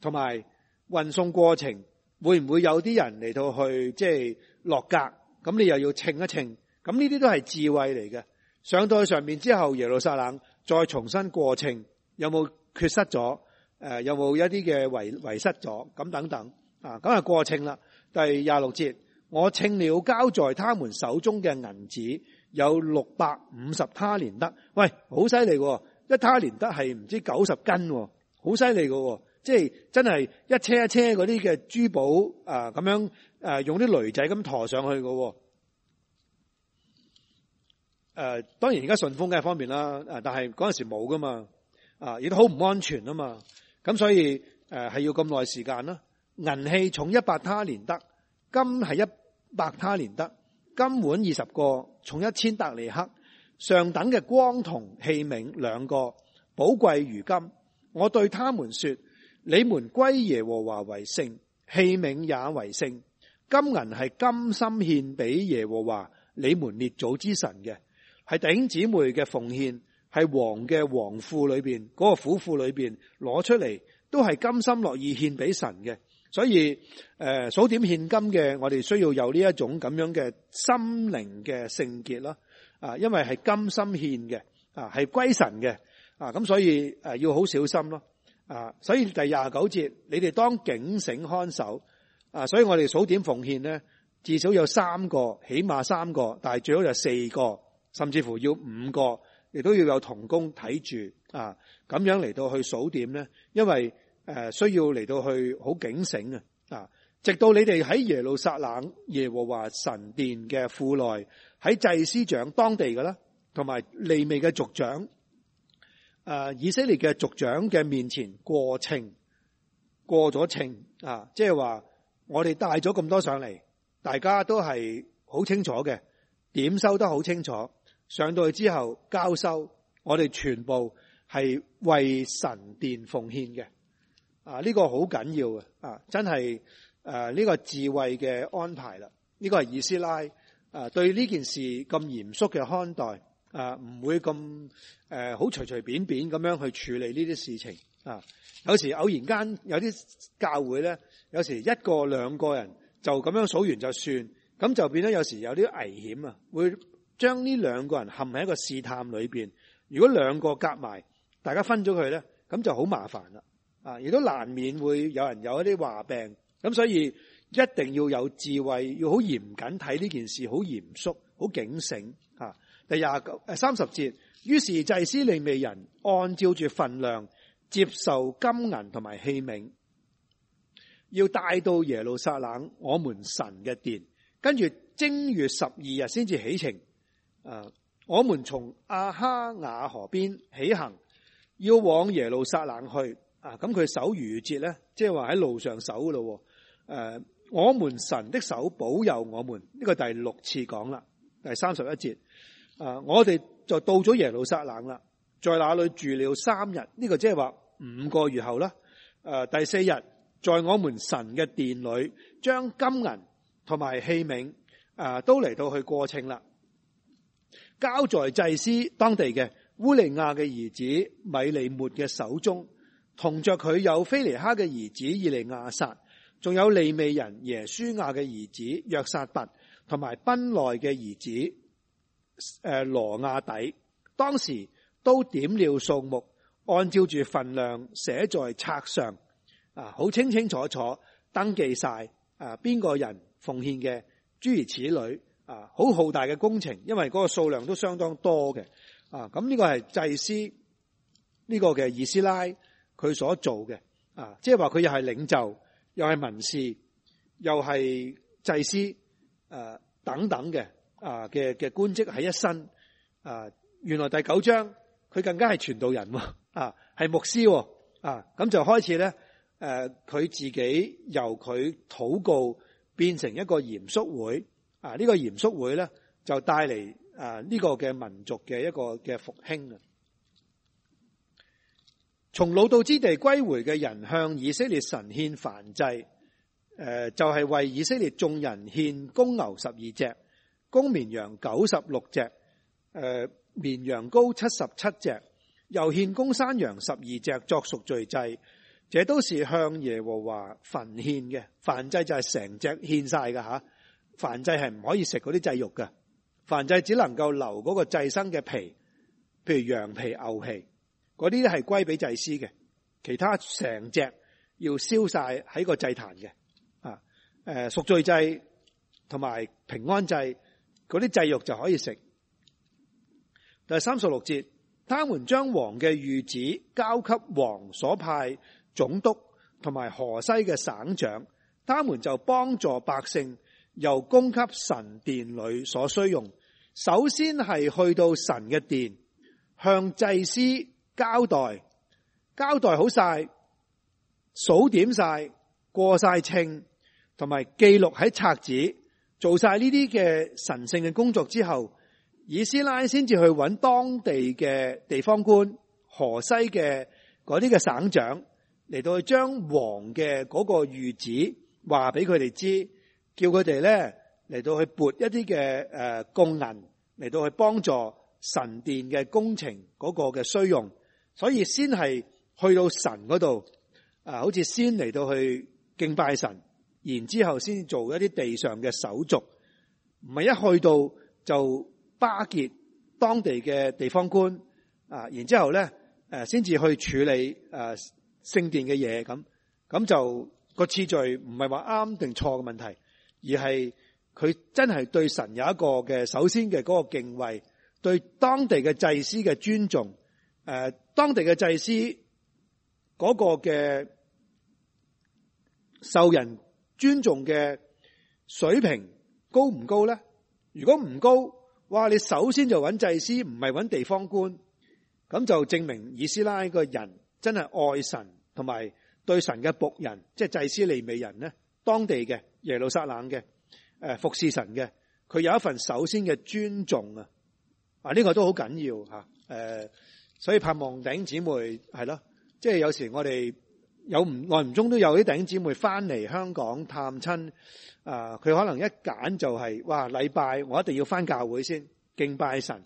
同埋運送過程會唔會有啲人嚟到去即係落格？咁你又要稱一稱，咁呢啲都係智慧嚟嘅。上到去上面之後，耶路撒冷，再重新過程，有冇缺失咗？誒，有冇一啲嘅遺遺失咗咁等等啊？咁啊過稱啦，第廿六節，我稱了交在他們手中嘅銀子有六百五十他連得。喂，好犀利，一他連得係唔知九十斤，好犀利噶，即係真係一車一車嗰啲嘅珠寶啊，咁樣誒，用啲雷仔咁馱上去噶。誒，當然而家順豐梗係方便啦，誒，但係嗰陣時冇噶嘛，啊，亦都好唔安全啊嘛。咁所以誒係、呃、要咁耐時間啦。銀器重一百他連得，金係一百他連得。金碗二十個重一千達尼克。上等嘅光銅器皿兩個，寶貴如金。我對他們說：你們歸耶和華為聖，器皿也為聖。金銀係甘心獻俾耶和華，你們列祖之神嘅，係弟兄姊妹嘅奉獻。係王嘅王庫裏邊嗰個府庫裏邊攞出嚟，都係甘心樂意獻俾神嘅。所以誒，數點獻金嘅，我哋需要有呢一種咁樣嘅心靈嘅聖潔咯。啊，因為係甘心獻嘅，啊係歸神嘅，啊咁所以誒要好小心咯。啊，所以第廿九節，你哋當警醒看守。啊，所以我哋數點奉獻咧，至少有三個，起碼三個，但係最好就四個，甚至乎要五個。亦都要有同工睇住啊，咁樣嚟到去數點咧？因為誒、呃，需要嚟到去好警醒啊！啊，直到你哋喺耶路撒冷耶和華神殿嘅庫內，喺祭司長當地嘅啦，同埋利未嘅族長，誒、啊，以色列嘅族長嘅面前過秤，過咗秤啊！即係話我哋帶咗咁多上嚟，大家都係好清楚嘅，點收都好清楚。上到去之後交收，我哋全部係為神殿奉獻嘅，啊呢、這個好緊要嘅，啊真係誒呢個智慧嘅安排啦，呢、這個係以斯拉誒、啊、對呢件事咁嚴肅嘅看待，誒、啊、唔會咁誒好隨隨便便咁樣去處理呢啲事情，啊有時偶然間有啲教會咧，有時一個兩個人就咁樣數完就算，咁就變咗有時有啲危險啊，會。將呢兩個人陷喺一個試探裏邊，如果兩個夾埋，大家分咗佢咧，咁就好麻煩啦。啊，亦都難免會有人有一啲話病，咁所以一定要有智慧，要好嚴謹睇呢件事，好嚴肅，好警醒。吓，第廿九誒三十節，於是祭司利未人按照住份量接受金銀同埋器皿，要帶到耶路撒冷我們神嘅殿，跟住正月十二日先至起程。啊！我們從阿哈瓦河邊起行，要往耶路撒冷去。啊，咁佢守逾節咧，即係話喺路上守咯。誒、啊，我們神的手保佑我們，呢、這個是第六次講啦，第三十一節。啊，我哋就到咗耶路撒冷啦，在那裏住了三日，呢、這個即係話五個月後啦。誒、啊，第四日，在我們神嘅殿裏，將金銀同埋器皿，誒、啊，都嚟到去過稱啦。交在祭司當地嘅烏利亞嘅兒子米利末嘅手中，同着佢有菲尼哈嘅兒子以利亞撒，仲有利未人耶舒亞嘅兒子約撒拔，同埋賓內嘅兒子誒羅亞底，當時都點了數目，按照住份量寫在冊上，啊，好清清楚楚登記晒啊，邊個人奉獻嘅諸如此類。啊，好浩大嘅工程，因為嗰個數量都相當多嘅，啊，咁呢個係祭司呢個嘅以斯拉佢所做嘅，啊，即係話佢又係領袖，又係文士，又係祭司，誒等等嘅，啊嘅嘅官職喺一身，啊，原來第九章佢更加係傳道人喎，啊，係牧師喎，啊，咁就開始咧，誒，佢自己由佢禱告變成一個嚴肅會。啊！呢個嚴肅會咧就帶嚟啊呢個嘅民族嘅一個嘅復興啊！從擄到之地歸回嘅人向以色列神獻燔祭，誒就係為以色列眾人獻公牛十二隻、公綿羊九十六隻、呃、誒綿羊羔七十七隻，又獻公山羊十二隻作贖罪祭，這都是向耶和華焚獻嘅燔祭，就係成隻獻晒噶吓。凡燔祭係唔可以食嗰啲祭肉嘅，凡燔祭只能夠留嗰個祭牲嘅皮，譬如羊皮、牛皮，嗰啲咧係歸俾祭司嘅，其他成隻要燒晒喺個祭壇嘅。啊，誒贖罪祭同埋平安祭嗰啲祭肉就可以食。第三十六節，他們將王嘅諭旨交給王所派總督同埋河西嘅省長，他們就幫助百姓。由供給神殿裏所需用，首先係去到神嘅殿，向祭司交代，交代好晒，數點晒，過晒稱，同埋記錄喺冊子，做晒呢啲嘅神聖嘅工作之後，以斯拉先至去揾當地嘅地方官，河西嘅嗰啲嘅省長嚟到去將王嘅嗰個諭旨話俾佢哋知。叫佢哋咧嚟到去撥一啲嘅誒功能嚟到去幫助神殿嘅工程嗰個嘅需用，所以先係去到神嗰度啊，好似先嚟到去敬拜神，然之後先做一啲地上嘅手續，唔係一去到就巴結當地嘅地方官啊，然之後咧誒先至去處理誒聖殿嘅嘢咁，咁就個次序唔係話啱定錯嘅問題。而係佢真係對神有一個嘅首先嘅嗰個敬畏，對當地嘅祭司嘅尊重，誒，當地嘅祭司嗰個嘅受人尊重嘅水平高唔高咧？如果唔高，哇！你首先就揾祭司，唔係揾地方官，咁就證明以斯拉個人真係愛神，同埋對神嘅僕人，即係祭司利未人咧，當地嘅。耶路撒冷嘅，誒、呃、服侍神嘅，佢有一份首先嘅尊重啊，這個、重啊呢個都好緊要吓，誒，所以盼望弟兄姊妹係咯，即係、就是、有時我哋有唔耐唔中都有啲弟兄姊妹翻嚟香港探親，啊佢可能一揀就係、是、哇禮拜我一定要翻教會先敬拜神，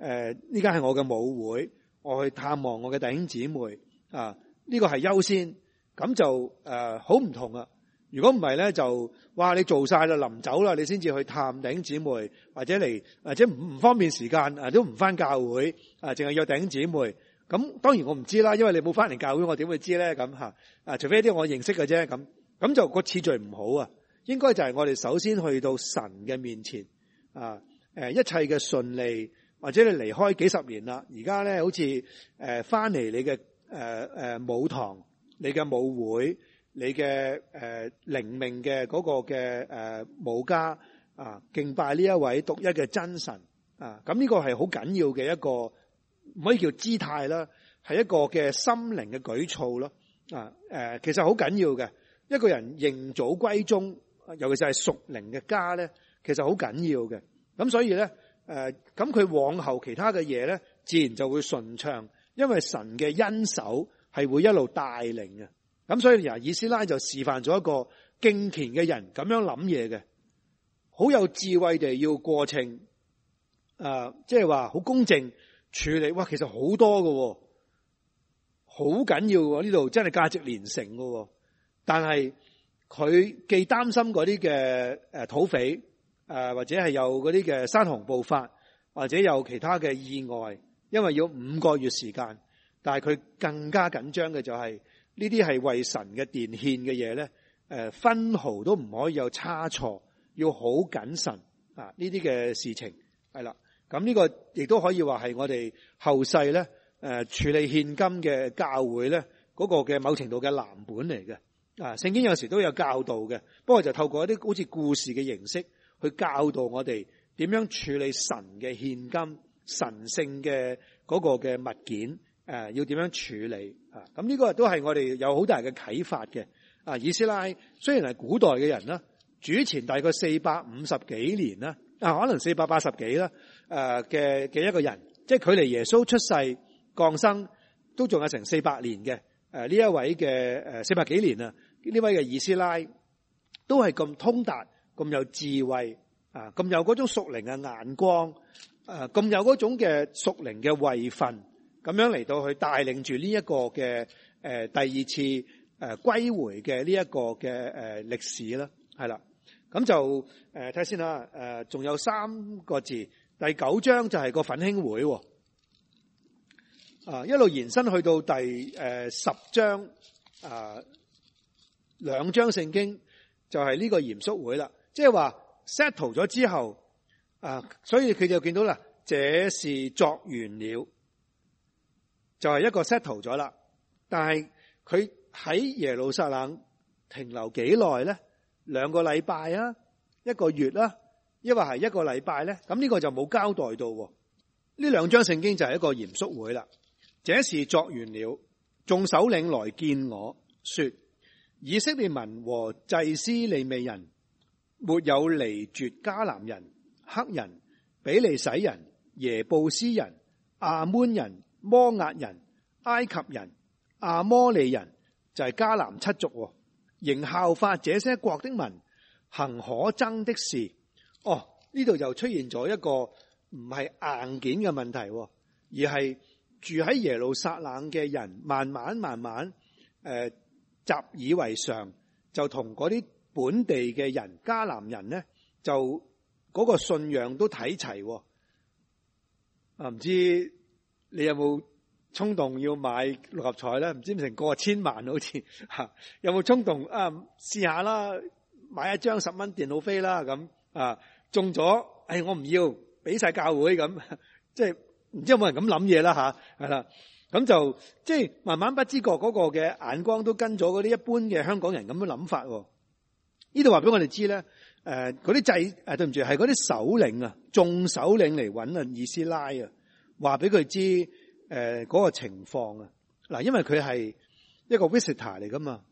誒，依家係我嘅母會，我去探望我嘅弟兄姊妹啊呢、這個係優先，咁就誒好唔同啊。如果唔係咧，就哇你做晒啦，臨走啦，你先至去探頂姊妹，或者嚟或者唔唔方便時間，誒都唔翻教會，誒淨係約頂姊妹。咁當然我唔知啦，因為你冇翻嚟教會，我點會知咧咁吓？誒、啊、除非啲我認識嘅啫咁，咁就個次序唔好啊。應該就係我哋首先去到神嘅面前啊。誒一切嘅順利，或者你離開幾十年啦，而家咧好似誒翻嚟你嘅誒誒母堂，你嘅母會。你嘅誒靈命嘅嗰個嘅誒母家啊，敬拜呢一位獨一嘅真神啊。咁呢個係好緊要嘅一個唔可以叫姿態啦，係一個嘅心靈嘅舉措咯啊誒，其實好緊要嘅一個人認祖歸宗，尤其是係屬靈嘅家咧，其實好緊要嘅。咁所以咧誒，咁佢往後其他嘅嘢咧，自然就會順暢，因為神嘅恩手係會一路帶領嘅。咁所以啊，以斯拉就示範咗一個敬虔嘅人咁樣諗嘢嘅，好有智慧地要過秤啊，即係話好公正處理。哇，其實好多喎，好緊要喎。呢度真係價值連城喎。但係佢既擔心嗰啲嘅誒土匪誒，或者係有嗰啲嘅山洪暴發，或者有其他嘅意外，因為要五個月時間。但係佢更加緊張嘅就係、是。呢啲係為神嘅殿獻嘅嘢咧，誒、呃，分毫都唔可以有差錯，要好謹慎啊！呢啲嘅事情係啦，咁呢個亦都可以話係我哋後世咧，誒、呃，處理獻金嘅教會咧，嗰個嘅某程度嘅藍本嚟嘅啊。聖經有時都有教導嘅，不過就透過一啲好似故事嘅形式去教導我哋點樣處理神嘅獻金、神聖嘅嗰個嘅物件。誒，要點樣處理啊？咁、這、呢個都係我哋有好大嘅啟發嘅。啊，以斯拉雖然係古代嘅人啦，主前大概四百五十幾年啦，啊，可能四百八十幾啦，誒嘅嘅一個人，即係距離耶穌出世降生都仲有成四百年嘅。誒呢一位嘅誒四百幾年啊，呢位嘅以斯拉都係咁通達，咁有智慧，啊，咁有嗰種屬靈嘅眼光，誒，咁有嗰種嘅屬靈嘅位份。咁樣嚟到去帶領住呢一個嘅誒第二次誒歸回嘅呢一個嘅誒歷史啦，係啦，咁就誒睇下先啦，誒仲有三個字，第九章就係個奮興會啊，啊一路延伸去到第誒十章，啊兩章聖經就係呢個嚴肅會啦，即係話 settle 咗之後，啊所以佢哋就見到啦，這事作完了。就係一個 settle 咗啦，但係佢喺耶路撒冷停留幾耐咧？兩個禮拜啊，一個月啦，啊，抑或係一個禮拜咧？咁，這，呢個就冇交代到。呢兩張聖經就係一個嚴肅會啦。這事作完了，眾首領來見我，說：以色列民和祭司利未人沒有離絕迦南人、黑人、比利洗人、耶布斯人、阿門人。摩押人、埃及人、阿摩利人就係迦南七族、啊，仍效法這些國的民行可憎的事。哦，呢度就出現咗一個唔係硬件嘅問題、啊，而係住喺耶路撒冷嘅人慢慢慢慢，誒習以為常，就同嗰啲本地嘅人迦南人呢，就嗰個信仰都睇齊。啊，啊，唔知。你有冇衝動要買六合彩咧？唔知唔成過千萬好似嚇，有冇衝動啊？試下啦，買一張十蚊電腦飛啦咁啊！中咗，哎，我唔要，俾曬教會咁，即係唔知有冇人咁諗嘢啦嚇，係啦。咁就即係慢慢不知覺嗰個嘅眼光都跟咗嗰啲一般嘅香港人咁嘅諗法。呢度話俾我哋知咧，嗰啲制誒對唔住係嗰啲首領啊，眾首領嚟揾啊，以斯拉啊。話俾佢知，誒嗰個情況啊，嗱，因為佢係一個 visitor 嚟噶嘛，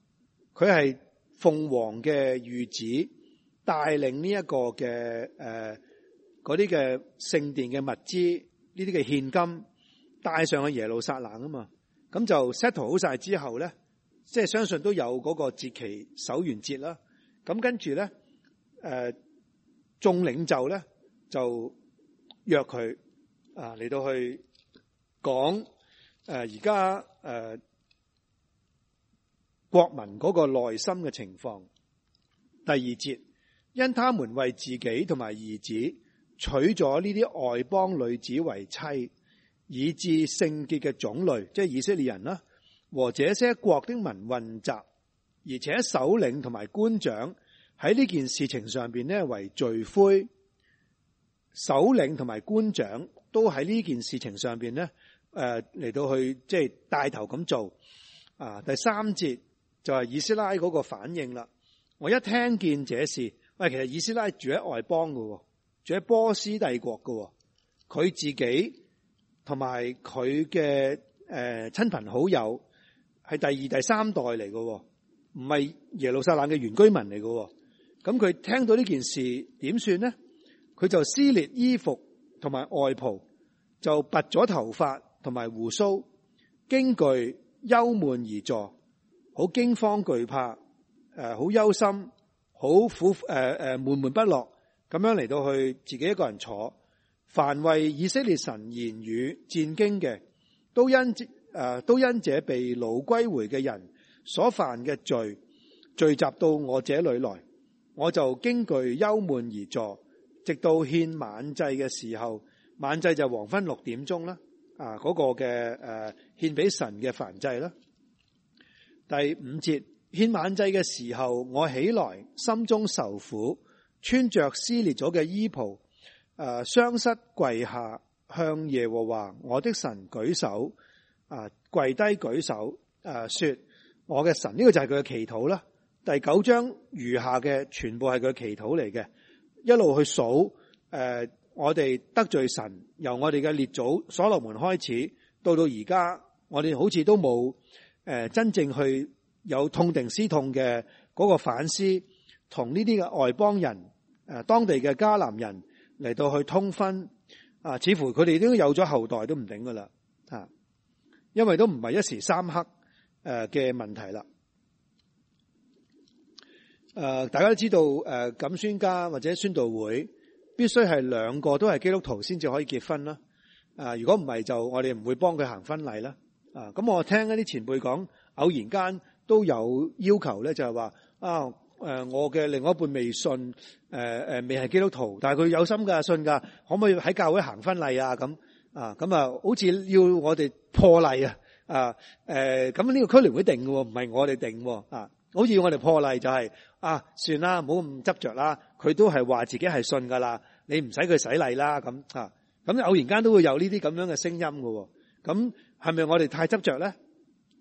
佢係鳳凰嘅御子帶、這個，帶領呢一個嘅誒嗰啲嘅聖殿嘅物資，呢啲嘅獻金帶上去耶路撒冷啊嘛，咁就 settle 好晒之後咧，即係相信都有嗰個節期守完節啦，咁跟住咧，誒、呃、眾領袖咧就約佢。啊，嚟到去講誒，而家誒國民嗰個內心嘅情況。第二節，因他們為自己同埋兒子娶咗呢啲外邦女子為妻，以致聖潔嘅種類，即係以色列人啦，和這些國的民混雜，而且首領同埋官長喺呢件事情上邊呢，為罪魁，首領同埋官長。都喺呢件事情上邊咧，誒嚟到去即係帶頭咁做啊！第三節就係以斯拉嗰個反應啦。我一聽見這事，喂，其實以斯拉住喺外邦噶，住喺波斯帝國噶，佢自己同埋佢嘅誒親朋好友係第二第三代嚟嘅，唔係耶路撒冷嘅原居民嚟嘅。咁佢聽到呢件事點算呢？佢就撕裂衣服。同埋外袍，就拔咗頭髮同埋鬍鬚，驚懼憂悶而坐，好驚慌懼怕，誒，好憂心，好苦，誒、呃、誒，悶、呃、悶、呃、不樂，咁樣嚟到去自己一個人坐，凡為以色列神言語戰兢嘅、呃，都因這誒都因這被擄歸回嘅人所犯嘅罪聚集到我這裏來，我就驚懼憂悶而坐。直到獻晚祭嘅時候，晚祭就黃昏六點鐘啦。啊、那個，嗰個嘅誒獻俾神嘅燔祭啦。第五節獻晚祭嘅時候，我起來，心中愁苦，穿着撕裂咗嘅衣袍，誒、呃，雙膝跪下，向耶和華我的神舉手，啊、呃，跪低舉手，誒、呃，說我嘅神，呢、這個就係佢嘅祈禱啦。第九章餘下嘅全部係佢嘅祈禱嚟嘅。一路去數，誒、呃，我哋得罪神，由我哋嘅列祖所羅門開始，到到而家，我哋好似都冇誒、呃、真正去有痛定思痛嘅嗰個反思，同呢啲嘅外邦人，誒、呃，當地嘅迦南人嚟到去通婚，啊、呃，似乎佢哋都有咗後代都唔定噶啦，啊，因為都唔係一時三刻誒嘅問題啦。誒大家都知道，誒咁宣家或者宣道會必須係兩個都係基督徒先至可以結婚啦。啊，如果唔係就我哋唔會幫佢行婚禮啦。啊，咁我聽一啲前輩講，偶然間都有要求咧，就係話啊，誒我嘅另外一半未信誒、誒未係基督徒，但係佢有心㗎信㗎，可唔可以喺教會行婚禮啊？咁啊，咁啊好似要我哋破例啊，啊，誒咁呢個區聯會定㗎喎，唔係我哋定喎啊。好似我哋破例就係啊，算啦，唔好咁執着啦。佢都係話自己係信噶啦，你唔使佢洗禮啦咁啊。咁偶然間都會有呢啲咁樣嘅聲音噶。咁係咪我哋太執着咧？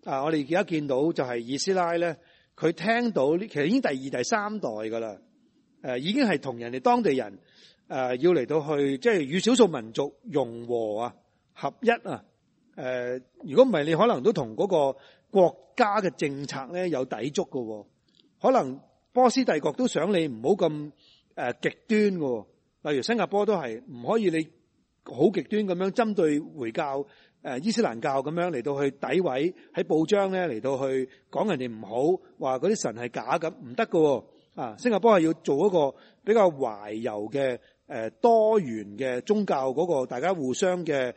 啊，我哋而家見到就係以斯拉咧，佢聽到呢，其實已經第二、第三代噶啦。誒，已經係同人哋當地人誒，要嚟到去即係與少數民族融和啊、合一啊。誒，如果唔係，你可能都同嗰個。國家嘅政策咧，有抵觸嘅，可能波斯帝國都想你唔好咁極端喎。例如新加坡都係唔可以你好極端咁樣針對回教伊斯蘭教，咁樣嚟到去詆毀，喺報章咧，嚟到去講人哋，唔好話嗰啲神係假，咁唔得㗎，啊新加坡係要做一個比較懷柔嘅多元嘅宗教，嗰個大家互相嘅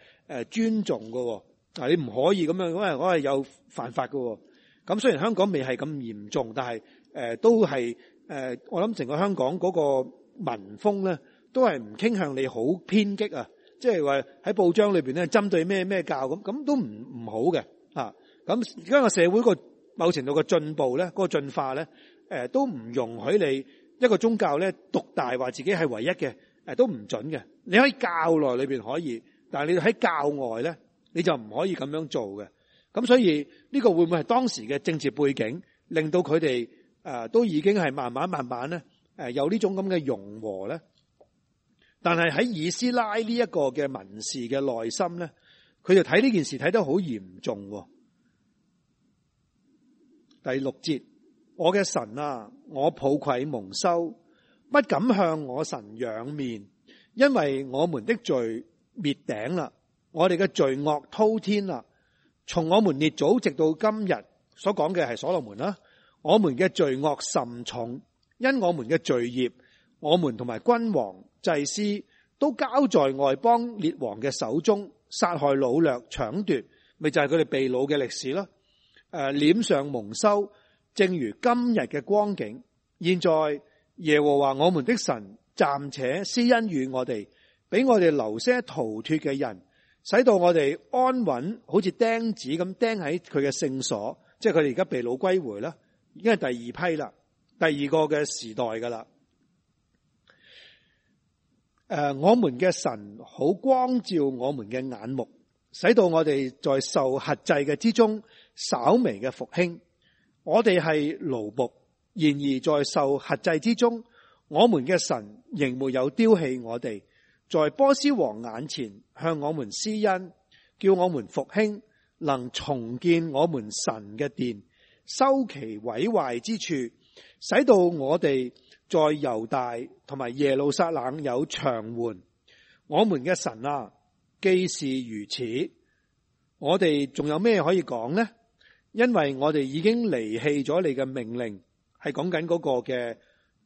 尊重喎。你唔可以咁樣，因為我係有犯法喎。咁雖然香港未係咁嚴重，但係誒、呃、都係誒、呃，我諗成個香港嗰個民風咧，都係唔傾向你好偏激啊！即係話喺報章裏邊咧，針對咩咩教咁，咁都唔唔好嘅吓。咁而家個社會個某程度嘅進步咧，嗰個進化咧，誒、呃、都唔容許你一個宗教咧獨大，話自己係唯一嘅，誒都唔准嘅。你喺教內裏邊可以，但係你喺教外咧，你就唔可以咁樣做嘅，咁所以呢個會唔會係當時嘅政治背景，令到佢哋誒都已經係慢慢慢慢咧，誒有種呢種咁嘅融和咧？但係喺以斯拉呢一個嘅文士嘅內心咧，佢就睇呢件事睇得好嚴重。第六節，我嘅神啊，我抱愧蒙羞，不敢向我神仰面，因為我們的罪滅頂啦。我哋嘅罪惡滔天啦，從我們列祖直到今日，所講嘅係所羅門啦。我們嘅罪惡甚重，因我們嘅罪孽，我們同埋君王祭司都交在外邦列王嘅手中殺害擄掠搶奪，咪就係佢哋被擄嘅歷史咯？誒、呃，臉上蒙羞，正如今日嘅光景。現在耶和華我們的神暫且施恩與我哋，俾我哋留些逃脫嘅人。使到我哋安穩，好似釘子咁釘喺佢嘅聖所，即係佢哋而家被擄歸回啦，已經係第二批啦，第二個嘅時代噶啦。誒，我們嘅神好光照我們嘅眼目，使到我哋在受轄制嘅之中稍微嘅復興。我哋係勞僕，然而在受轄制之中，我們嘅神仍沒有丟棄我哋。在波斯王眼前向我們施恩，叫我們復興，能重建我們神嘅殿，修其毀壞之處，使到我哋在猶大同埋耶路撒冷有牆垣。我們嘅神啊，既是如此，我哋仲有咩可以講呢？因為我哋已經離棄咗你嘅命令，係講緊嗰個嘅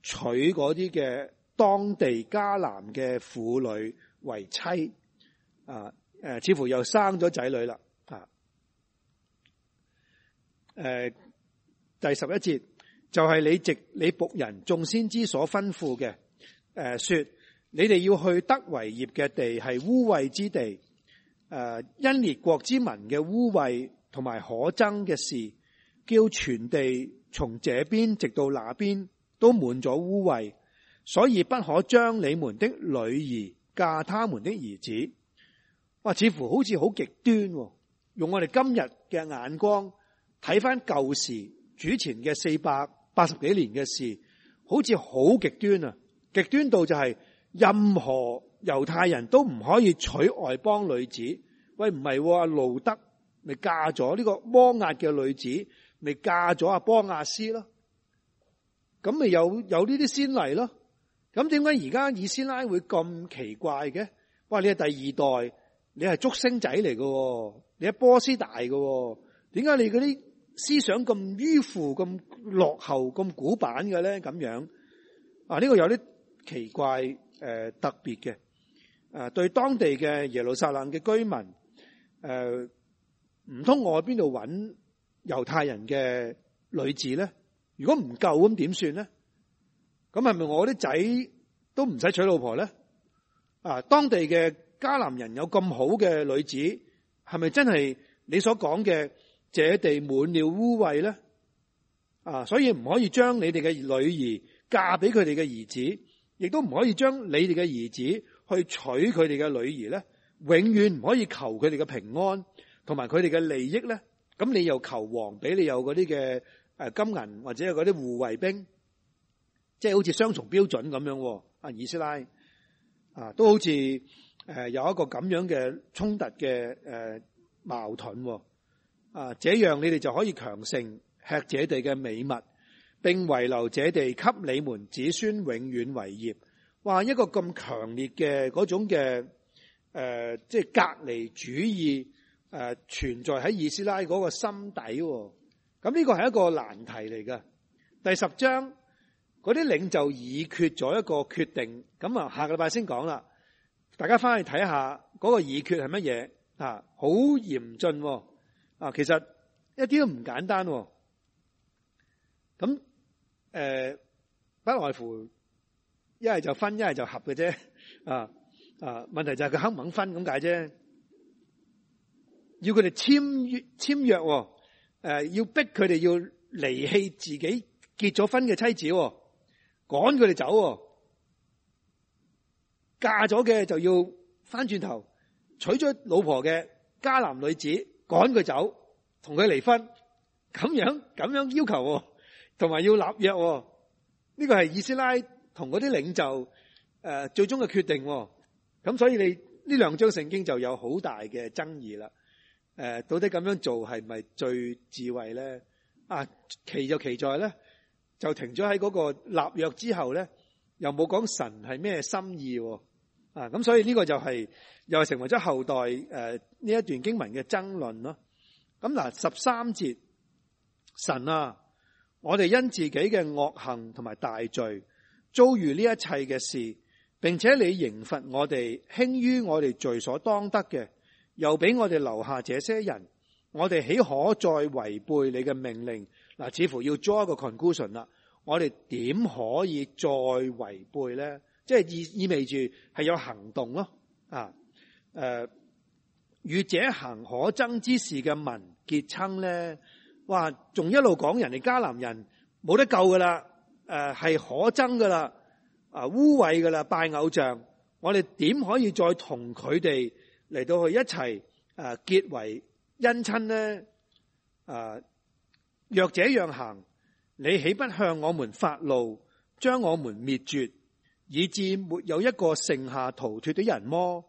取嗰啲嘅。當地迦南嘅婦女為妻，啊誒、呃，似乎又生咗仔女啦，誒、啊呃，第十一節就係、是、你藉你僕人眾先知所吩咐嘅。誒、啊，說你哋要去得為業嘅地係污穢之地，誒、啊，因列國之民嘅污穢同埋可憎嘅事，叫全地從這邊直到那邊都滿咗污穢。所以不可將你們的女兒嫁他們的兒子。哇，似乎好似好極端。用我哋今日嘅眼光睇返舊時主前嘅四百八十幾年嘅事，好似好極端啊！極端到就係任何猶太人都唔可以娶外邦女子。喂，唔係啊，路德咪嫁咗呢個摩押嘅女子，咪嫁咗阿波亞斯咯？咁咪有有呢啲先例咯？咁點解而家以斯拉會咁奇怪嘅？哇！你係第二代，你係竹升仔嚟嘅，你係波斯大嘅，點解你嗰啲思想咁迂腐、咁落後、咁古板嘅咧？咁樣啊，呢、呢個有啲奇怪、呃、特別嘅、啊。對當地嘅耶路撒冷嘅居民，唔、啊、通我邊度揾猶太人嘅女子咧？如果唔夠咁點算咧？咁係咪我啲仔都唔使娶老婆咧？啊，當地嘅迦南人有咁好嘅女子，係咪真係你所講嘅這地滿了污穢咧？啊，所以唔可以將你哋嘅女兒嫁俾佢哋嘅兒子，亦都唔可以將你哋嘅兒子去娶佢哋嘅女兒咧。永遠唔可以求佢哋嘅平安同埋佢哋嘅利益咧。咁你又求王俾你有嗰啲嘅誒金銀或者係嗰啲護衛兵？即係好似雙重標準咁樣，啊，以斯拉啊，都好似誒有一個咁樣嘅衝突嘅誒矛盾，啊，這樣你哋就可以強盛吃這地嘅美物，並遺留這地給你們子孫永遠為業。哇，一個咁強烈嘅嗰種嘅誒，即、呃、係、就是、隔離主義誒、呃、存在喺以斯拉嗰個心底。咁呢個係一個難題嚟噶。第十章。嗰啲領袖議決咗一個決定，咁啊下個禮拜先講啦。大家翻去睇下嗰個議決係乜嘢啊？好嚴峻啊！其實一啲都唔簡單，啊。咁、呃、誒，不外乎一係就分，一係就合嘅啫，啊。啊啊，問題就係佢肯唔肯分咁解啫？要佢哋簽約簽約，誒、啊啊，要逼佢哋要離棄自己結咗婚嘅妻子，啊。趕佢哋走、啊，嫁咗嘅就要翻轉頭，娶咗老婆嘅迦南女子趕佢走，同佢離婚，咁樣咁樣要求、啊，同埋要立約、啊，呢、這個係以斯拉同嗰啲領袖誒最終嘅決定、啊，咁所以你呢兩章聖經就有好大嘅爭議啦。誒、呃，到底咁樣做係咪最智慧咧？啊，奇就奇在咧。就停咗喺嗰個立約之後咧，又冇講神係咩心意喎、啊，啊咁所以呢個就係、是、又成為咗後代誒呢、呃、一段經文嘅爭論咯、啊。咁、啊、嗱十三節，神啊，我哋因自己嘅惡行同埋大罪，遭遇呢一切嘅事，並且你刑罰我哋輕於我哋罪所當得嘅，又俾我哋留下這些人，我哋豈可再違背你嘅命令？嗱、啊，似乎要做一個 conclusion 啦。我哋點可以再違背咧？即係意意味住係有行動咯、啊。啊，誒，與者行可憎之事嘅民結親咧，哇，仲一路講人哋迦南人冇得救噶啦，誒、啊、係可憎噶啦，啊污穢噶啦，拜偶像，我哋點可以再同佢哋嚟到去一齊誒結為姻親咧？啊，若這、啊、樣行。你豈不向我們發怒，將我們滅絕，以致沒有一個剩下逃脱的人麼？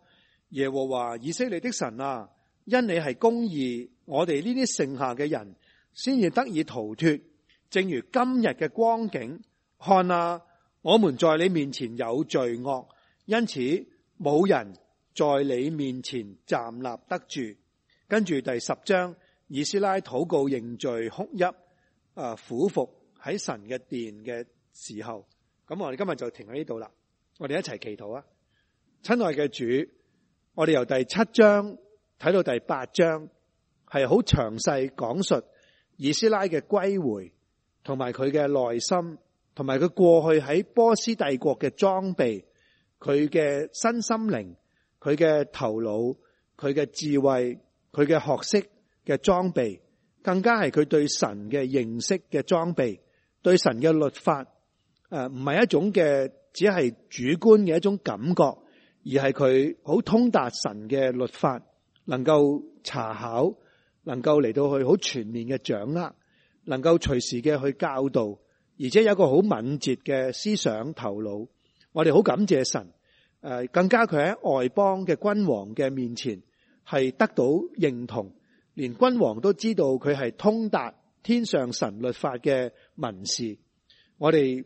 耶和華以色列的神啊，因你係公義我們這些，我哋呢啲剩下嘅人先至得以逃脱。正如今日嘅光景，看啊，我們在你面前有罪惡，因此冇人在你面前站立得住。跟住第十章，以斯拉禱告認罪哭泣。啊！俯伏喺神嘅殿嘅時候，咁我哋今日就停喺呢度啦。我哋一齊祈禱啊！親愛嘅主，我哋由第七章睇到第八章，係好詳細講述以斯拉嘅歸回，同埋佢嘅內心，同埋佢過去喺波斯帝國嘅裝備，佢嘅新心靈，佢嘅頭腦，佢嘅智慧，佢嘅學識嘅裝備。更加係佢對神嘅認識嘅裝備，對神嘅律法，誒，唔係一種嘅，只係主觀嘅一種感覺，而係佢好通達神嘅律法，能夠查考，能夠嚟到去好全面嘅掌握，能夠隨時嘅去教導，而且有一個好敏捷嘅思想頭腦，我哋好感謝神。誒，更加佢喺外邦嘅君王嘅面前係得到認同。連君王都知道佢係通達天上神律法嘅文士，我哋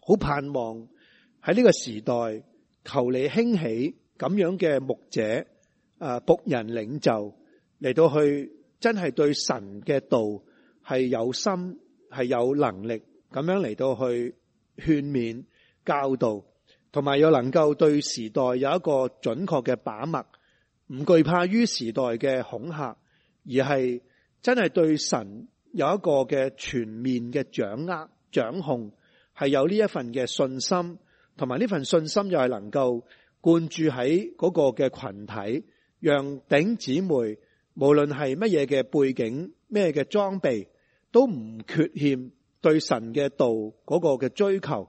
好盼望喺呢個時代，求你興起咁樣嘅牧者、誒，僕人領袖嚟到去真係對神嘅道係有心係有能力咁樣嚟到去勸勉教導，同埋又能夠對時代有一個準確嘅把握，唔懼怕於時代嘅恐嚇。而係真係對神有一個嘅全面嘅掌握、掌控，係有呢一份嘅信心，同埋呢份信心又係能夠灌注喺嗰個嘅群體，讓頂姊妹無論係乜嘢嘅背景、咩嘅裝備，都唔缺欠對神嘅道嗰個嘅追求。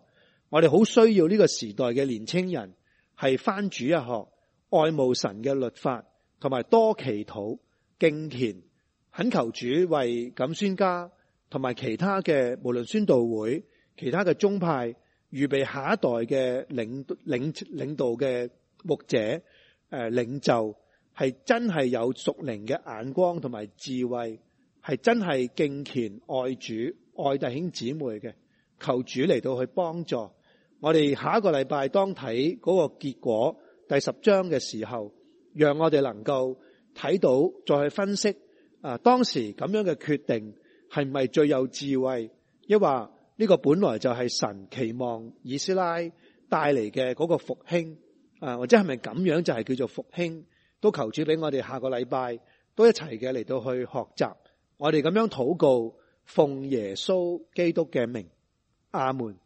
我哋好需要呢個時代嘅年青人係翻主一學愛慕神嘅律法，同埋多祈禱。敬虔懇求主為咁宣家同埋其他嘅，無論宣道會其他嘅宗派預備下一代嘅領領領導嘅牧者誒，領袖，係真係有屬靈嘅眼光同埋智慧，係真係敬虔愛主愛弟兄姊妹嘅。求主嚟到去幫助我哋下一個禮拜當睇嗰個結果第十章嘅時候，讓我哋能夠。睇到再去分析啊，當時咁樣嘅決定係唔係最有智慧？抑或呢個本來就係神期望以斯拉帶嚟嘅嗰個復興啊，或者係咪咁樣就係叫做復興？都求主俾我哋下個禮拜都一齊嘅嚟到去學習，我哋咁樣禱告，奉耶穌基督嘅名，阿門。